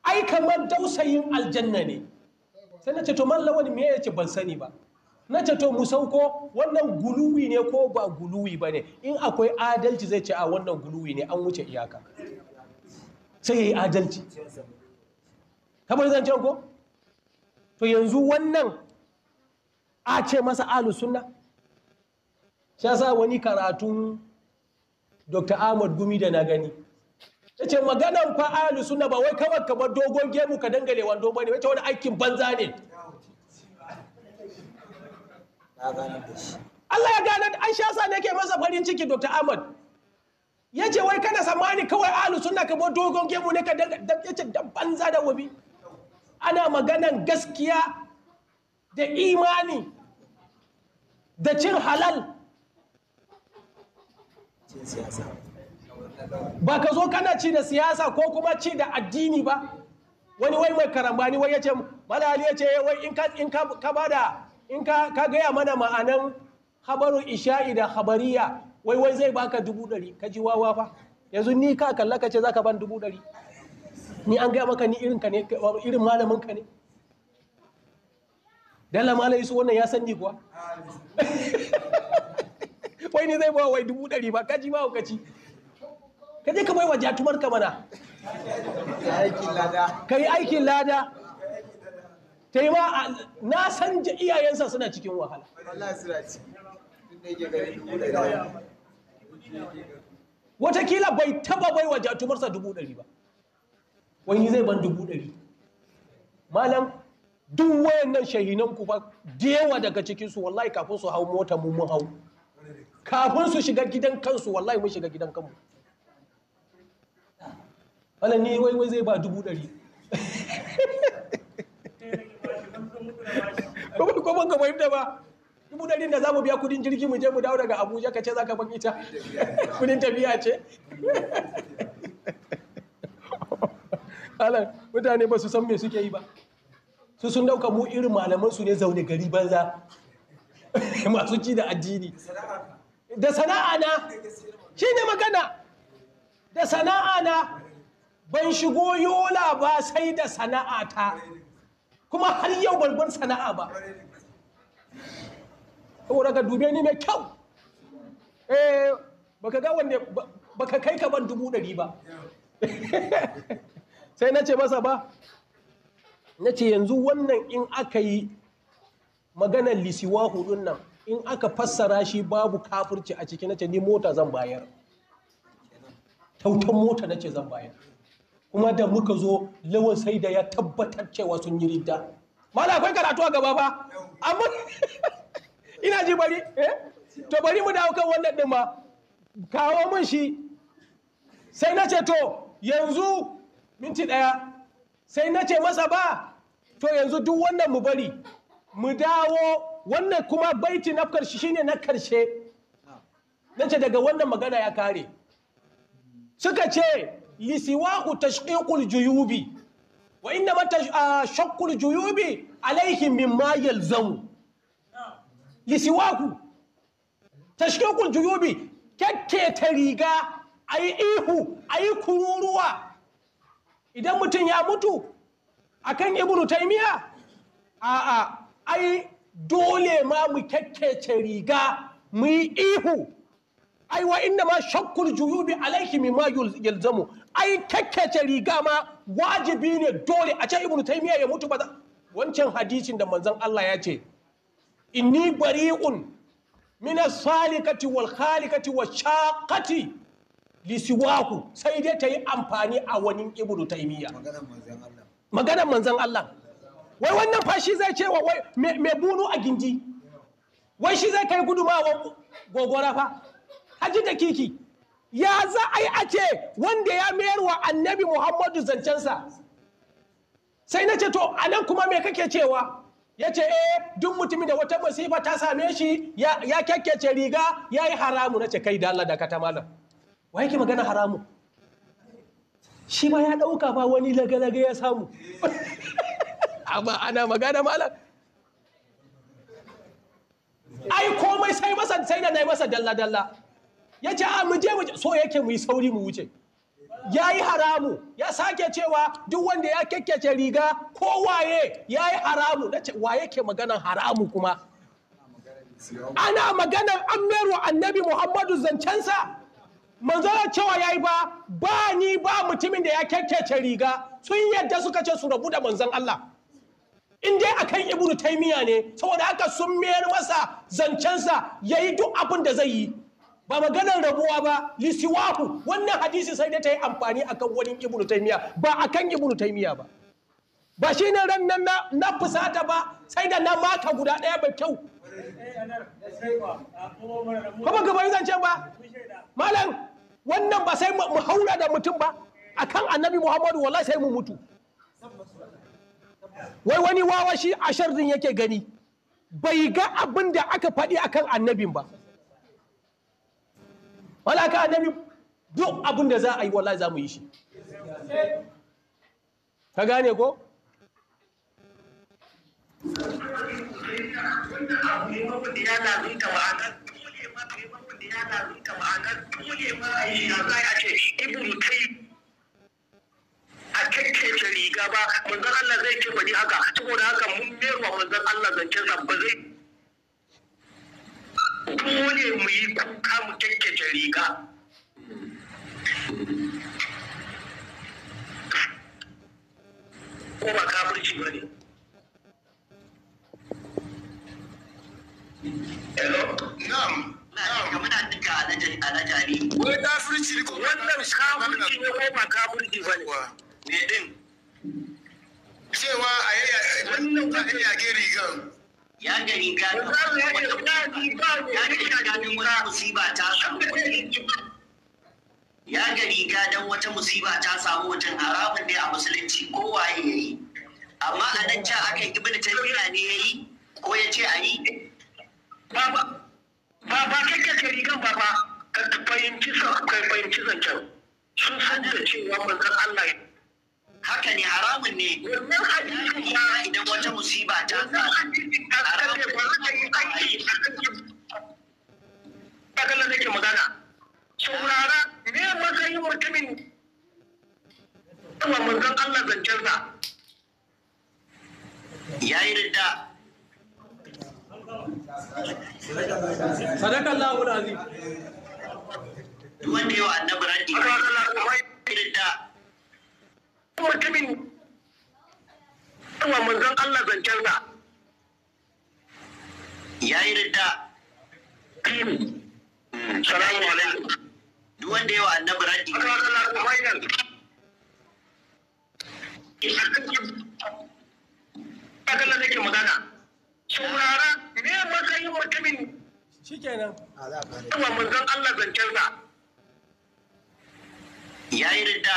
ai kamar dausayin aljanna ne sai na ce to mallan wani me ya ce ban sani ba na ce to mu sauko wannan guluwi ne ko ba guluwi ba ne in akwai adalci zai ce a wannan guluwi ne an wuce iyaka sai ya yi adalci kamar zan ko to yanzu wannan a ce masa Alu suna shi sa wani karatun Dr. Ahmad Gumi da na gani ce maganan fa Alu suna ba wai kawai kamar dogon gemu ka dangalewa wando ne wace wani aikin banza ne Allah ya gane an sha sa ne ke masa farin ciki Dr. Ahmad ya ce wai kana samani kawai alu suna ka bo dogon gemu ne ka ce da banza da wabi ana maganan gaskiya da imani da cin halal ba ka zo kana ci da siyasa ko kuma ci da addini ba wani wai mai karambani wai ya ce malali ya ce wai in ka ba da in ka gaya mana ma'anan habaru isha'i da habariya wai wai zai baka dubu ɗari ka ji wawa fa yanzu ni ka kalla ka ce za ka ban dubu ɗari ni an gaya maka ni irin ka ne irin malamin ka ne dala malai su wannan ya san ni kuwa wai ni zai bawa wai dubu ɗari ba kaji ma hukaci ka je ka bai wa jatumar ka mana ka yi aikin lada taiwa na san iyayensa suna cikin wahala watakila bai taba bai wa jatumarsa dubu ɗari ba wani zai ban dubu ɗari malam duk wayan nan shahinan ku ba yawa daga cikinsu wallahi kafin su hau mota mu mun hau kafin su shiga gidan kansu wallahi mun shiga gidan kanmu malam ni wai wai zai ba dubu ɗari ko ban ka fahimta ba dubu ɗarin da za mu biya kudin jirgi mu je mu dawo daga abuja ka ce za ka ban ita kudin tafiya ce halar mutane ba su san me suke yi ba su sun dauka mu irin malaman su ne zaune gari banza masu ci da addini da sana'a na shi ne magana da sana'a na ban shigo yola ba sai da sana'a ta kuma har yau ban sana'a ba saboda ka dube ni mai kyau eh baka ga wanda baka kai ka ban dubu ɗari ba sai na ce masa ba na ce yanzu wannan in aka yi maganar lisiwa hudun nan in aka fassara shi babu kafirci a ciki na ce ni mota zan bayar tautan mota na ce zan bayar kuma da muka zo lawan sai da ya tabbatar cewa sun yi ridda mala akwai karatu a gaba ba amma ina ji bari eh to bari mu dawo kan wannan din ma kawo mun shi sai na ce to yanzu minti ɗaya. sai na ce masa ba to yanzu duk wannan mu bari mu dawo wannan kuma baiti na karshe shine na karshe nace daga wannan magana ya kare suka ce lisiwahu tashqiqul juyubi wa inna ma shaqqul juyubi alaihim mimma yalzamu lisiwahu tashqiqul juyubi kakke ta riga ayi ihu ayi kururuwa idan mutum ya mutu akan ibnu taymiya a'a ai dole ma mu kakkece riga mu yi ihu ai wa inna ma shakkul juyubi alaihi mimma yalzamu ai kakkece riga ma wajibi ne dole a ce ibnu taymiya ya mutu ba wancan hadisin da manzon Allah ya ce inni bari'un min as-salikati wal khalikati wa shaqati li siwaku sai dai tayi amfani a wani ibnu taymiya maganar manzon Allah wai wannan fashi zai ce wai me bunu a gindi wai shi zai kai gudumawa gogora fa haji da kiki ya za a yi a ce wanda ya mayar wa annabi muhammadu zancensa sai na ce to a nan kuma me kake cewa ya ce eh duk mutumin da wata masifa ta same shi ya kyakkyace riga ya yi haramu na ce kai da Allah da ka ta malam wa yake magana haramu shi ma ya ɗauka ba wani lagalaga ya samu amma ana magana malam ai komai sai masa sai da na yi masa dalla-dalla ya ce a mu je mu so yake mu yi sauri mu wuce ya yi haramu ya sake cewa duk wanda ya kyakkyace riga ko waye ya yi haramu na ce wa yake maganan haramu kuma ana maganan an meru annabi muhammadu zancensa manzara cewa ya yi ba ba ni ba mutumin da ya kyakkyace riga sun yadda suka ce su rabu da manzan Allah in dai akan ibnu taimiya ne saboda haka sun mayar masa zancensa ya yi duk abin da zai yi ba maganar rabuwa ba lisiwahu wannan hadisi sai da ta yi amfani akan wani ibnu taymiya ba akan ibnu taymiya ba ba shi ne ran nan na fusata ba sai da na mata guda ɗaya ba kyau Ko ba gaba yi ba malam wannan ba sai mu haura da mutum ba akan annabi muhammadu wallahi sai mu mutu wai wani wawa shi a sharrin yake gani bai ga abin da aka faɗi akan annabin ba wala ka annabi duk abin da za a yi wallahi za mu yi shi ka gane ko a kekkece riga ba manzan Allah zai ce ba ni haka tukuna haka mun merwa manzan Allah zancen zamba zai dole mu yi kuka mu kyakkyace riga ko ba kafirci ba ne hello na'am Wai kafirci ko wannan kafirci ne ko ba kafirci ba ne. Ne din. Cewa a yaya wannan kafirci a gari gan ya gari gari ya wata musiba ta samu ya gari wata musiba ta samu haramun ne a musulunci kowaye ya yi amma a nan can aka yi ibn taymiya ne ya yi ko ya ce a yi baba baba ke rigan baba ka fahimci zancen sun san da cewa manzon Allah haka ne haramun ne idan wata musiba ta haramun magana saurara me matsayin mutumin ya yi sadaka Allah wani Allah zancen sa ya yi ridda hmm. salamu alaikum wanda yawa annabi ya yi ridda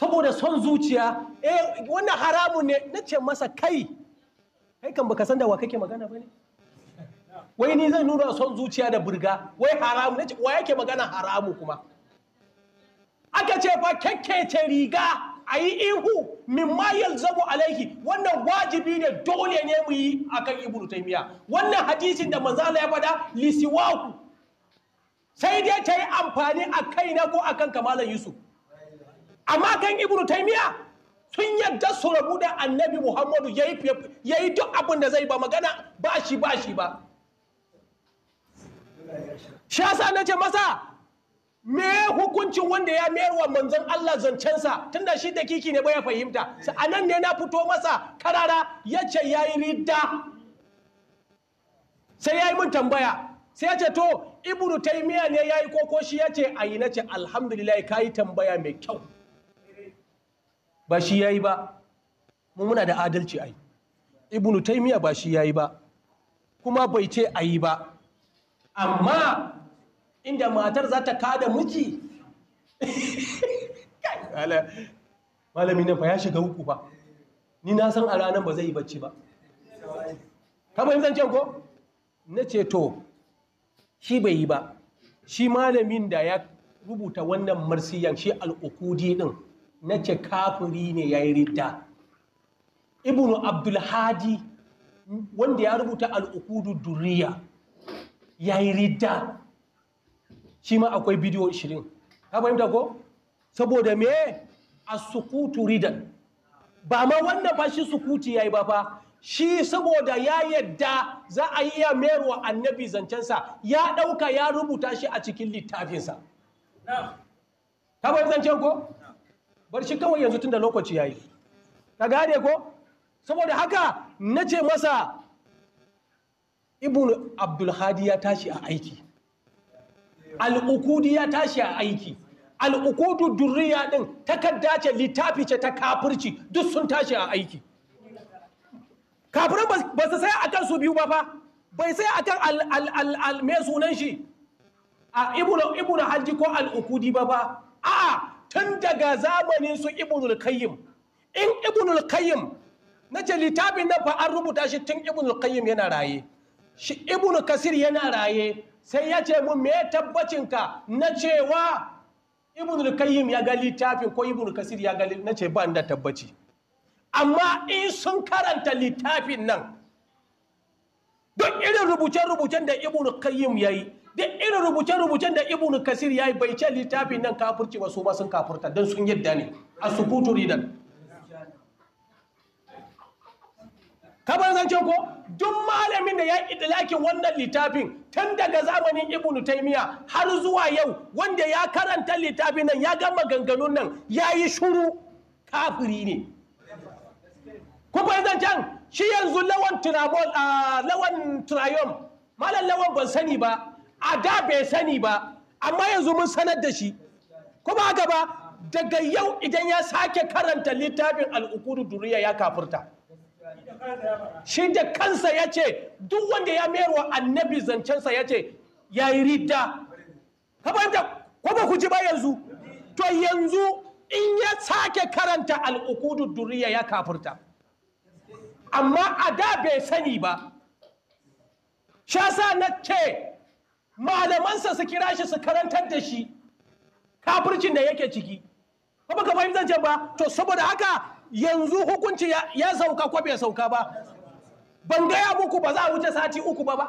saboda son zuciya eh wannan haramun ne na ce masa kai kai kan baka san da wa kake magana ba ne wai ni zan nuna son zuciya da burga wai haramu na wa yake magana haramu kuma aka ce fa ce riga ayi ihu min ma yalzabu alaihi wannan wajibi ne dole ne mu yi akan ibnu taymiya wannan hadisin da manzo Allah ya faɗa lisiwaku sai dai tayi amfani a kaina ko akan kamalan yusuf amma kan ibnu taimiya sun yadda su rabu da annabi muhammadu ya yi duk abin da zai ba magana ba shi ba shi ba shi yasa na ce masa me hukuncin wanda ya mayar wa manzon Allah zancensa tunda shi da kiki ne ya fahimta anan ne na fito masa karara ya ce ya yi ridda sai ya yi min tambaya sai ya to ibnu taimiya ne ya yi koko shi ya ce a na ce alhamdulillah ka yi tambaya mai kyau ba shi ya yi ba mu muna da adalci ai ibnu taymiya ba shi ya yi ba kuma bai ce ayi ba amma inda matar za ta kada miji malami nan fa ya shiga uku ba ni na san a ranar ba zai yi bacci ba Ka yin zancen ko na ce to shi bai yi ba shi malamin da ya rubuta wannan marsiyan shi al'ukudi din na ce kafiri ne ya yi ridda ibnu abdulhadi wanda ya rubuta al'ukudu duriya ya yi ridda shi ma akwai bidiyo 20 ta fahimta ko saboda me a sukutu ridan ba ma wanda ba shi sukuti ya yi ba fa shi saboda ya yadda za a yi iya merwa annabi zancensa ya ɗauka ya rubuta shi a cikin littafinsa ta fahimta ko bar shi kawai yanzu tun da lokaci yayi ka gane ko saboda haka nace masa ibnu abdulhadi ya tashi a aiki al'ukudi ya tashi a aiki al'ukudu durriya din takarda ce littafi ce ta kafirci duk sun tashi a aiki kafirin ba su sai akan su biyu ba fa bai sai akan al sunan shi a ibnu hadi ko al'ukudi ba ba a'a tun daga zamanin su ibnul qayyim in ibnul qayyim na ce littafin nan fa an rubuta shi tun ibnul qayyim yana raye shi ibnul kasir yana raye sai ya ce mun me tabbacinka na cewa ibnul qayyim ya ga littafin ko ibnul kasir ya ga na ce ba da tabbaci amma in sun karanta littafin nan duk irin rubuce-rubucen da ibnul qayyim yayi duk irin rubuce-rubucen da ibn kasir ya yi bai ce littafin nan kafurci ba su ma sun kafurta don sun yadda ne a sukutu ridan kamar zancen ko duk malamin da ya idilakin wannan littafin tun daga zamanin ibn taimiya har zuwa yau wanda ya karanta littafin nan ya gama ganganun nan ya yi shuru kafiri ne kuma zancen shi yanzu lawan ah, lawan malam lawan ban sani ba a da bai sani ba amma yanzu mun sanar da shi kuma gaba daga yau idan ya sake karanta littafin al'ukuru duriya ya kafurta shi da kansa ya ce duk wanda ya mayarwa annabi zancensa ya ce ya yi ridda kamar ba ku ji ba yanzu to yanzu in ya sake karanta al'ukudu duriya ya kafurta amma a da bai sani ba shasa na ce malamansa su kira shi su karantar da shi kafircin da yake ciki ba baka ce ba to saboda haka yanzu hukunci ya sauka ko bai sauka ba ban gaya muku ba za a wuce sati uku ba ba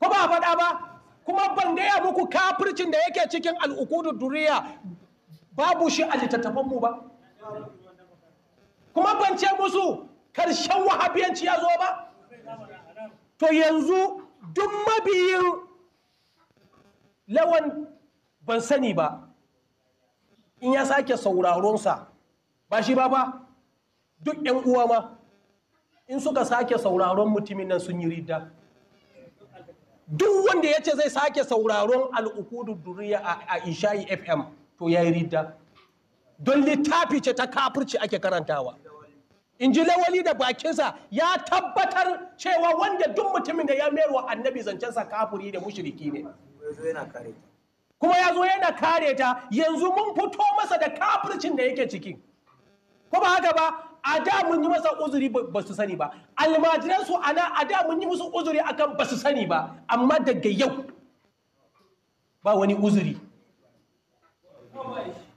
ko ba faɗa ba kuma ban gaya muku kafircin da yake cikin al'ukudu duriya babu shi a littattafan mu ba kuma ban ce musu karshen wahabiyanci ya zo ba to yanzu duk mabiyin lawan ban sani ba in ya sake sauraronsa ba shi ba ba duk ‘yan uwa ma in suka sake sauraron mutumin nan sun yi ridda duk wanda ya ce zai sake sauraron al'ukudu duniya a isha'i fm to ya yi ridda don littafi ce ta kafirci ake karantawa in ji lawali da bakinsa ya tabbatar cewa wanda duk mutumin da ya mayarwa annabi zancensa kafiri da mushiriki ne kuma ya zo yana kare ta yanzu mun fito masa da kafircin da yake ciki ko ba haka ba a da mun yi masa uzuri ba su sani ba almajiran ana a da mun yi musu uzuri akan ba su sani ba amma daga yau ba wani uzuri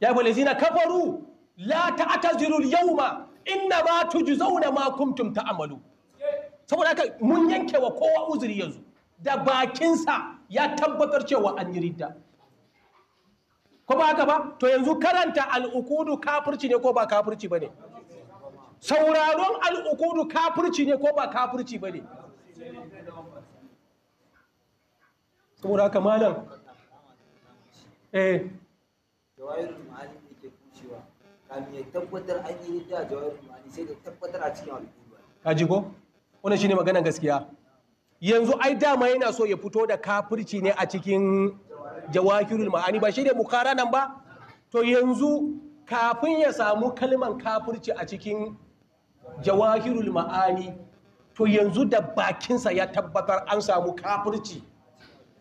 ya bale zina kafaru la ta'taziru al-yawma inna ma tujzauna ma kuntum ta'malu saboda haka mun yanke wa kowa uzuri yanzu da bakinsa ya tabbatar cewa an yi ridda ba haka ba to yanzu karanta al'ukudu kafirci ne ko ba kafirci ba ne sauraron al'ukudu kafirci ne ko ba kafirci ba ne saboda haka malam eh ma'ani ne ke kucewa kamin ya tabbatar an yi ridda jawahir ma'ani sai da tabbatar a cikin al'ukudu ka ji jigo wannan ne maganar gaskiya yanzu ai dama yana so ya fito da kafirci ne a cikin jawahirul ma'ani ba shi ne nan ba to yanzu kafin ya samu kalman kafirci a cikin jawahirul ma'ani to yanzu da bakinsa ya tabbatar an samu kafirci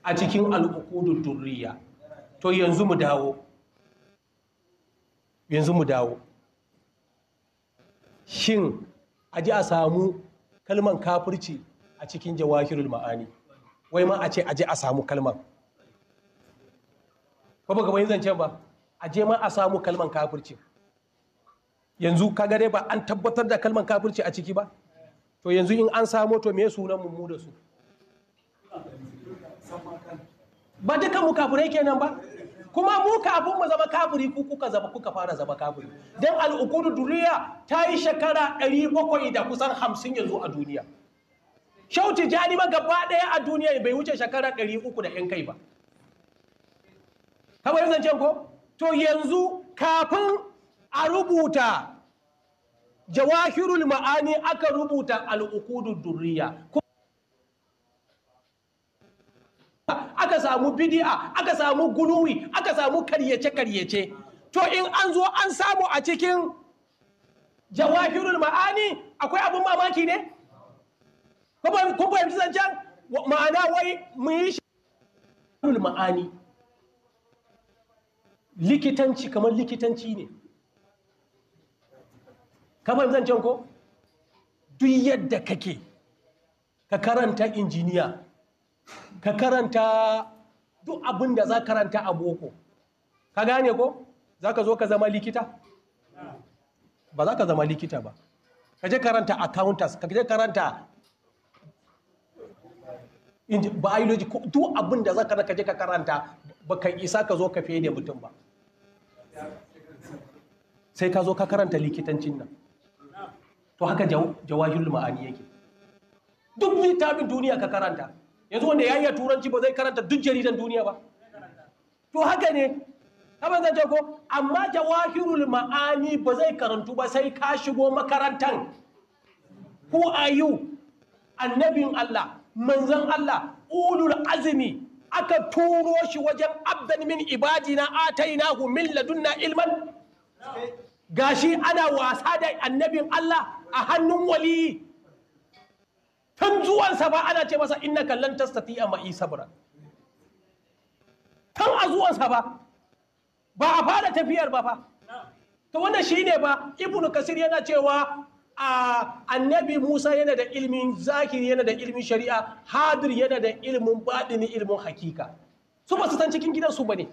a cikin al'ukudun turiya to yanzu mu dawo yanzu mu dawo shin a ji a samu kalman kafirci a cikin jawahirul ma'ani wai ma a ce aje a samu kalmar ba ba gaba yin zancen ba aje ma a samu kalmar kafirci yanzu ka gare ba an tabbatar da kalmar kafirci a ciki ba to yanzu in an samo to me sunan mu da su ba dukkan mu kafirai kenan ba kuma mu kafin mu zama kafiri ku kuka zama kuka fara zama kafiri dan al'ukudu duniya ta yi shekara 700 da kusan 50 yanzu a duniya Shauti jani ma gaba ɗaya a duniya bai wuce shekara ɗari uku da ‘yan kai ba kamar zancen ko to yanzu kafin a rubuta jawahirul ma'ani aka rubuta al'ukudun duriya aka samu bidi'a aka samu guluwi aka samu karyace-karyace to in an zo an samu a cikin jawahirul ma'ani akwai abin mamaki ne? Kun fahimci zancen ma'ana wai mun yi shi ma'ani likitanci kamar likitanci ne ka fahimci zancen ko duk yadda kake ka karanta injiniya ka karanta duk abin da za karanta a boko ka gane ko za ka zo ka zama likita ba za ka zama likita ba ka je karanta accountants ka je karanta biology duk abin da zaka ka je ka karanta baka isa ka zo ka fede mutum ba sai ka zo ka karanta likitancin nan to haka jawahirul ma'ani yake duk littafin duniya ka karanta yanzu wanda ya turanci ba zai karanta duk jaridan duniya ba to haka ne kamar zan ko amma jawahirul ma'ani ba zai karantu ba sai ka shigo makarantan who are you annabin Allah manzon Allah ulul azumi aka turo shi wajen abdan min ibadina atainahu min ladunna ilman gashi ana wasa da annabin Allah a hannun wali tun zuwansa ba ana ce masa innaka lan tastati'a ma'i sabra tun a zuwansa ba ba a fara tafiyar ba fa to wannan shine ba ibnu kasir yana cewa annabi Musa yana da ilmin zakir yana da ilmin shari'a hadir yana da ilmin baɗini ilmin hakika su ba su san cikin gidansu ba ne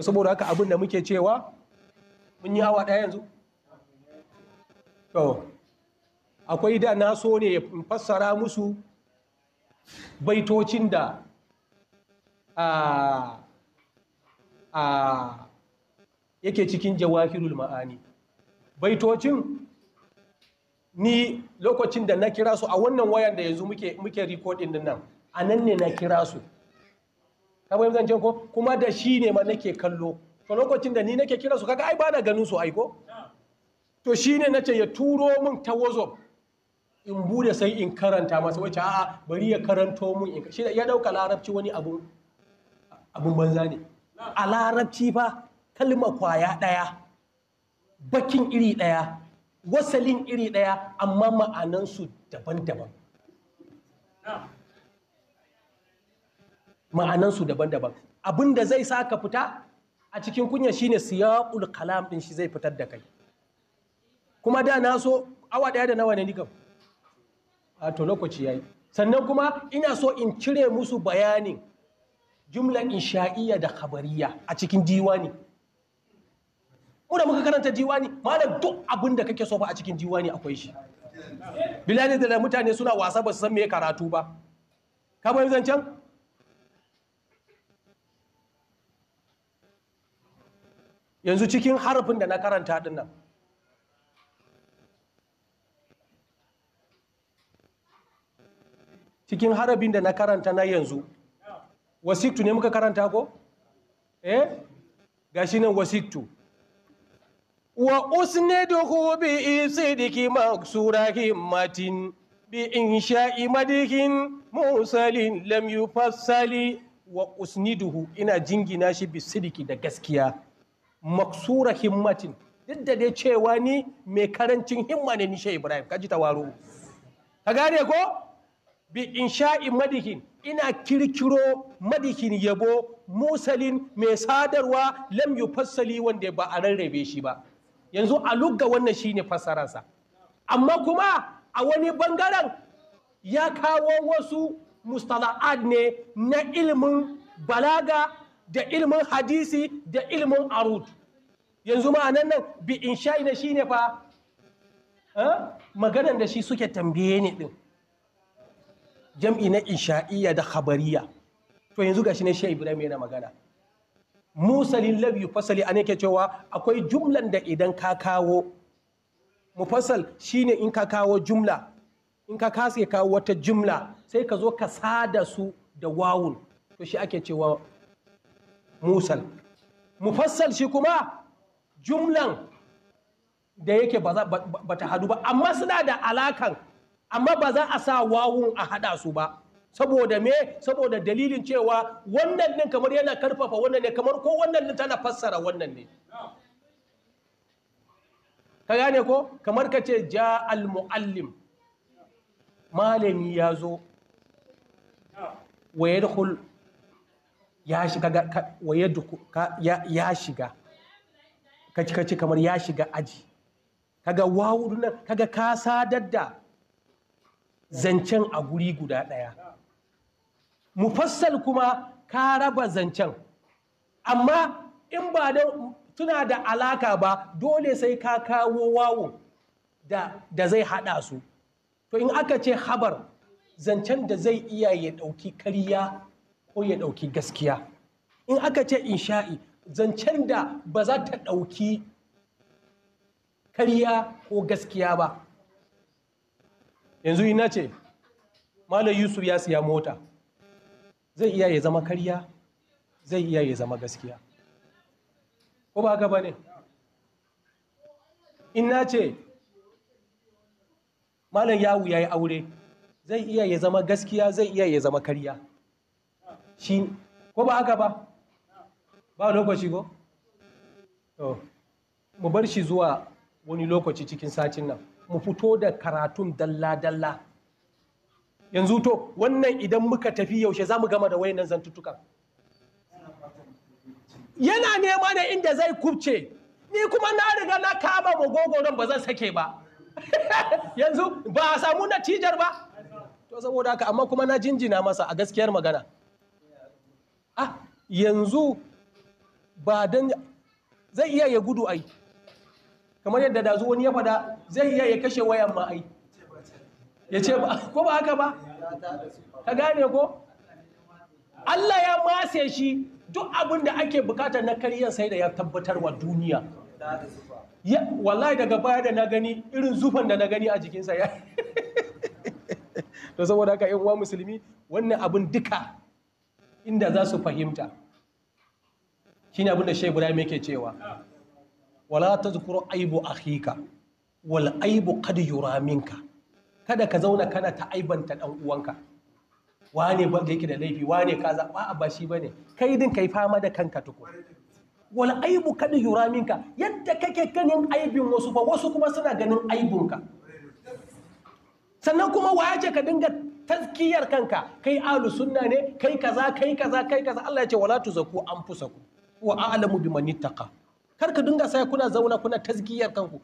saboda haka abin da muke cewa mun yi hawa ɗaya yanzu to akwai da na so ne in fassara musu baitocin da yake cikin jawahirul ma'ani baitocin ni lokacin da na kira su a wannan wayan da yanzu muke rikodin din nan a nan ne na kira su ka bayan ko kuma da shi ne ma nake kallo to lokacin da ni nake kira su kaga ai bana ganin su ai ko to shi ne nace ya turo mun ta wazo in bude sai in karanta masa wace a'a bari ya karanto mun in shi ya dauka larabci wani abu abun banza ne a larabci ba, kalma kwaya daya bakin iri daya wasalin iri ɗaya amma ma'anansu daban-daban ma'anansu daban-daban abin da zai sa ka fita a cikin kunya shine siyaqul kalam din shi zai fitar da kai kuma da na so awa daya da nawa ne nikam a to lokaci yayi sannan kuma ina so in cire musu bayanin jumla insha'iyya da khabariyya a cikin diwani mu muka karanta diwani malam duk abin da kake so ba a cikin diwani akwai shi bilani da mutane suna wasa ba su san me karatu ba ka bayan zancen yanzu cikin harafin da na karanta din nan cikin harafin da na karanta na yanzu wasiktu ne muka karanta ko eh gashi nan wasiktu wa usniduhu bi sidiki maksura himmatin bi insha'i madihin musalin lam yufassali wa usniduhu ina jingina shi bi sidiki da gaskiya maksura himmatin duk da dai cewa ni mai karancin himma ne ni shai ibrahim kaji tawaro ka gane ko bi sha'i madikin ina kirkiro madikin yabo musalin mai sadarwa lam yufassali wanda ba a rarrabe shi ba yanzu a lugga wannan shine fassararsa amma kuma a wani bangaren ya kawo wasu mustala'ad ne na ilimin balaga da ilimin hadisi da ilimin arut yanzu ma'anan nan bi in shi shine fa eh, maganan da shi suke tambaye ni din jam'i na insha'iyya da khabariya to yanzu gashi ne shi ibrahim yana magana musalin labi fasali an yake cewa akwai jumlan da idan ka kawo mufassal shine in ka kawo jumla in ka kasa kawo wata jumla sai ka zo ka sada su da wawun to shi ake cewa musal mufassal shi kuma jumlan da yake ba ta hadu ba amma suna da alakan amma ba za a sa wawun a hada su ba saboda me saboda dalilin cewa wannan din kamar yana karfafa wannan ne kamar ko wannan din tana fassara wannan ne ka gane ko kamar ka ce ja al muallim malami ya zo wa yadkhul ya shiga wa ya shiga kaci kamar ya shiga aji kaga wawu kaga ka sadar da zancen a guri guda daya mufassal kuma ka raba zancen amma in ba da tuna da alaka ba dole sai ka kawo wawo da, zai hada su to in aka ce habar zancen da zai iya ya dauki kariya ko ya dauki gaskiya in aka ce insha'i zancen da ba za ta dauki kariya ko gaskiya ba yanzu ina ce malam yusuf ya siya mota zai iya ya zama karya zai iya ya zama gaskiya ko ba gaba ne in na ce malam yawu ya yi aure zai iya ya zama gaskiya zai iya ya zama karya shi ko ba haka ba ba lokaci ko? to mu bar shi zuwa wani lokaci cikin satin nan mu fito da karatun dalla-dalla yanzu to wannan idan muka tafi yaushe za mu gama da wayannan zantuttukan yana nema ne inda zai kubce ni kuma na riga na kama don ba zan sake ba yanzu ba a samu natijar ba to saboda haka amma kuma na jinjina masa a gaskiyar magana ah yanzu ba dan zai iya ya gudu ai kamar yadda da wani ya fada zai iya ya kashe wayan ma ai ya ce ba ko ba haka ba ka gane ko Allah ya mase shi duk abin da ake bukatar na kariyar sai da ya tabbatar wa duniya wallahi daga baya da na gani irin zufan da na gani a jikinsa ya to saboda haka yan uwa musulmi wannan abin duka inda za su fahimta shine abin da Sheikh Ibrahim yake cewa wala tazkuru aibu akhika wal aibu qad yura minka kada ka zauna kana ta aibanta dan uwanka wane ba da yake da laifi wane kaza ba a ba shi bane kai din kai fama da kanka tuku wal aibu kad yura yadda kake ganin aibin wasu fa wasu kuma suna ganin aibunka sannan kuma waje ka dinga tazkiyar kanka kai alu sunna ne kai kaza kai kaza kai kaza Allah ya ce wala tuzaku anfusakum wa a'lamu biman kar ka dinga sai kuna zauna kuna tazkiyar kanku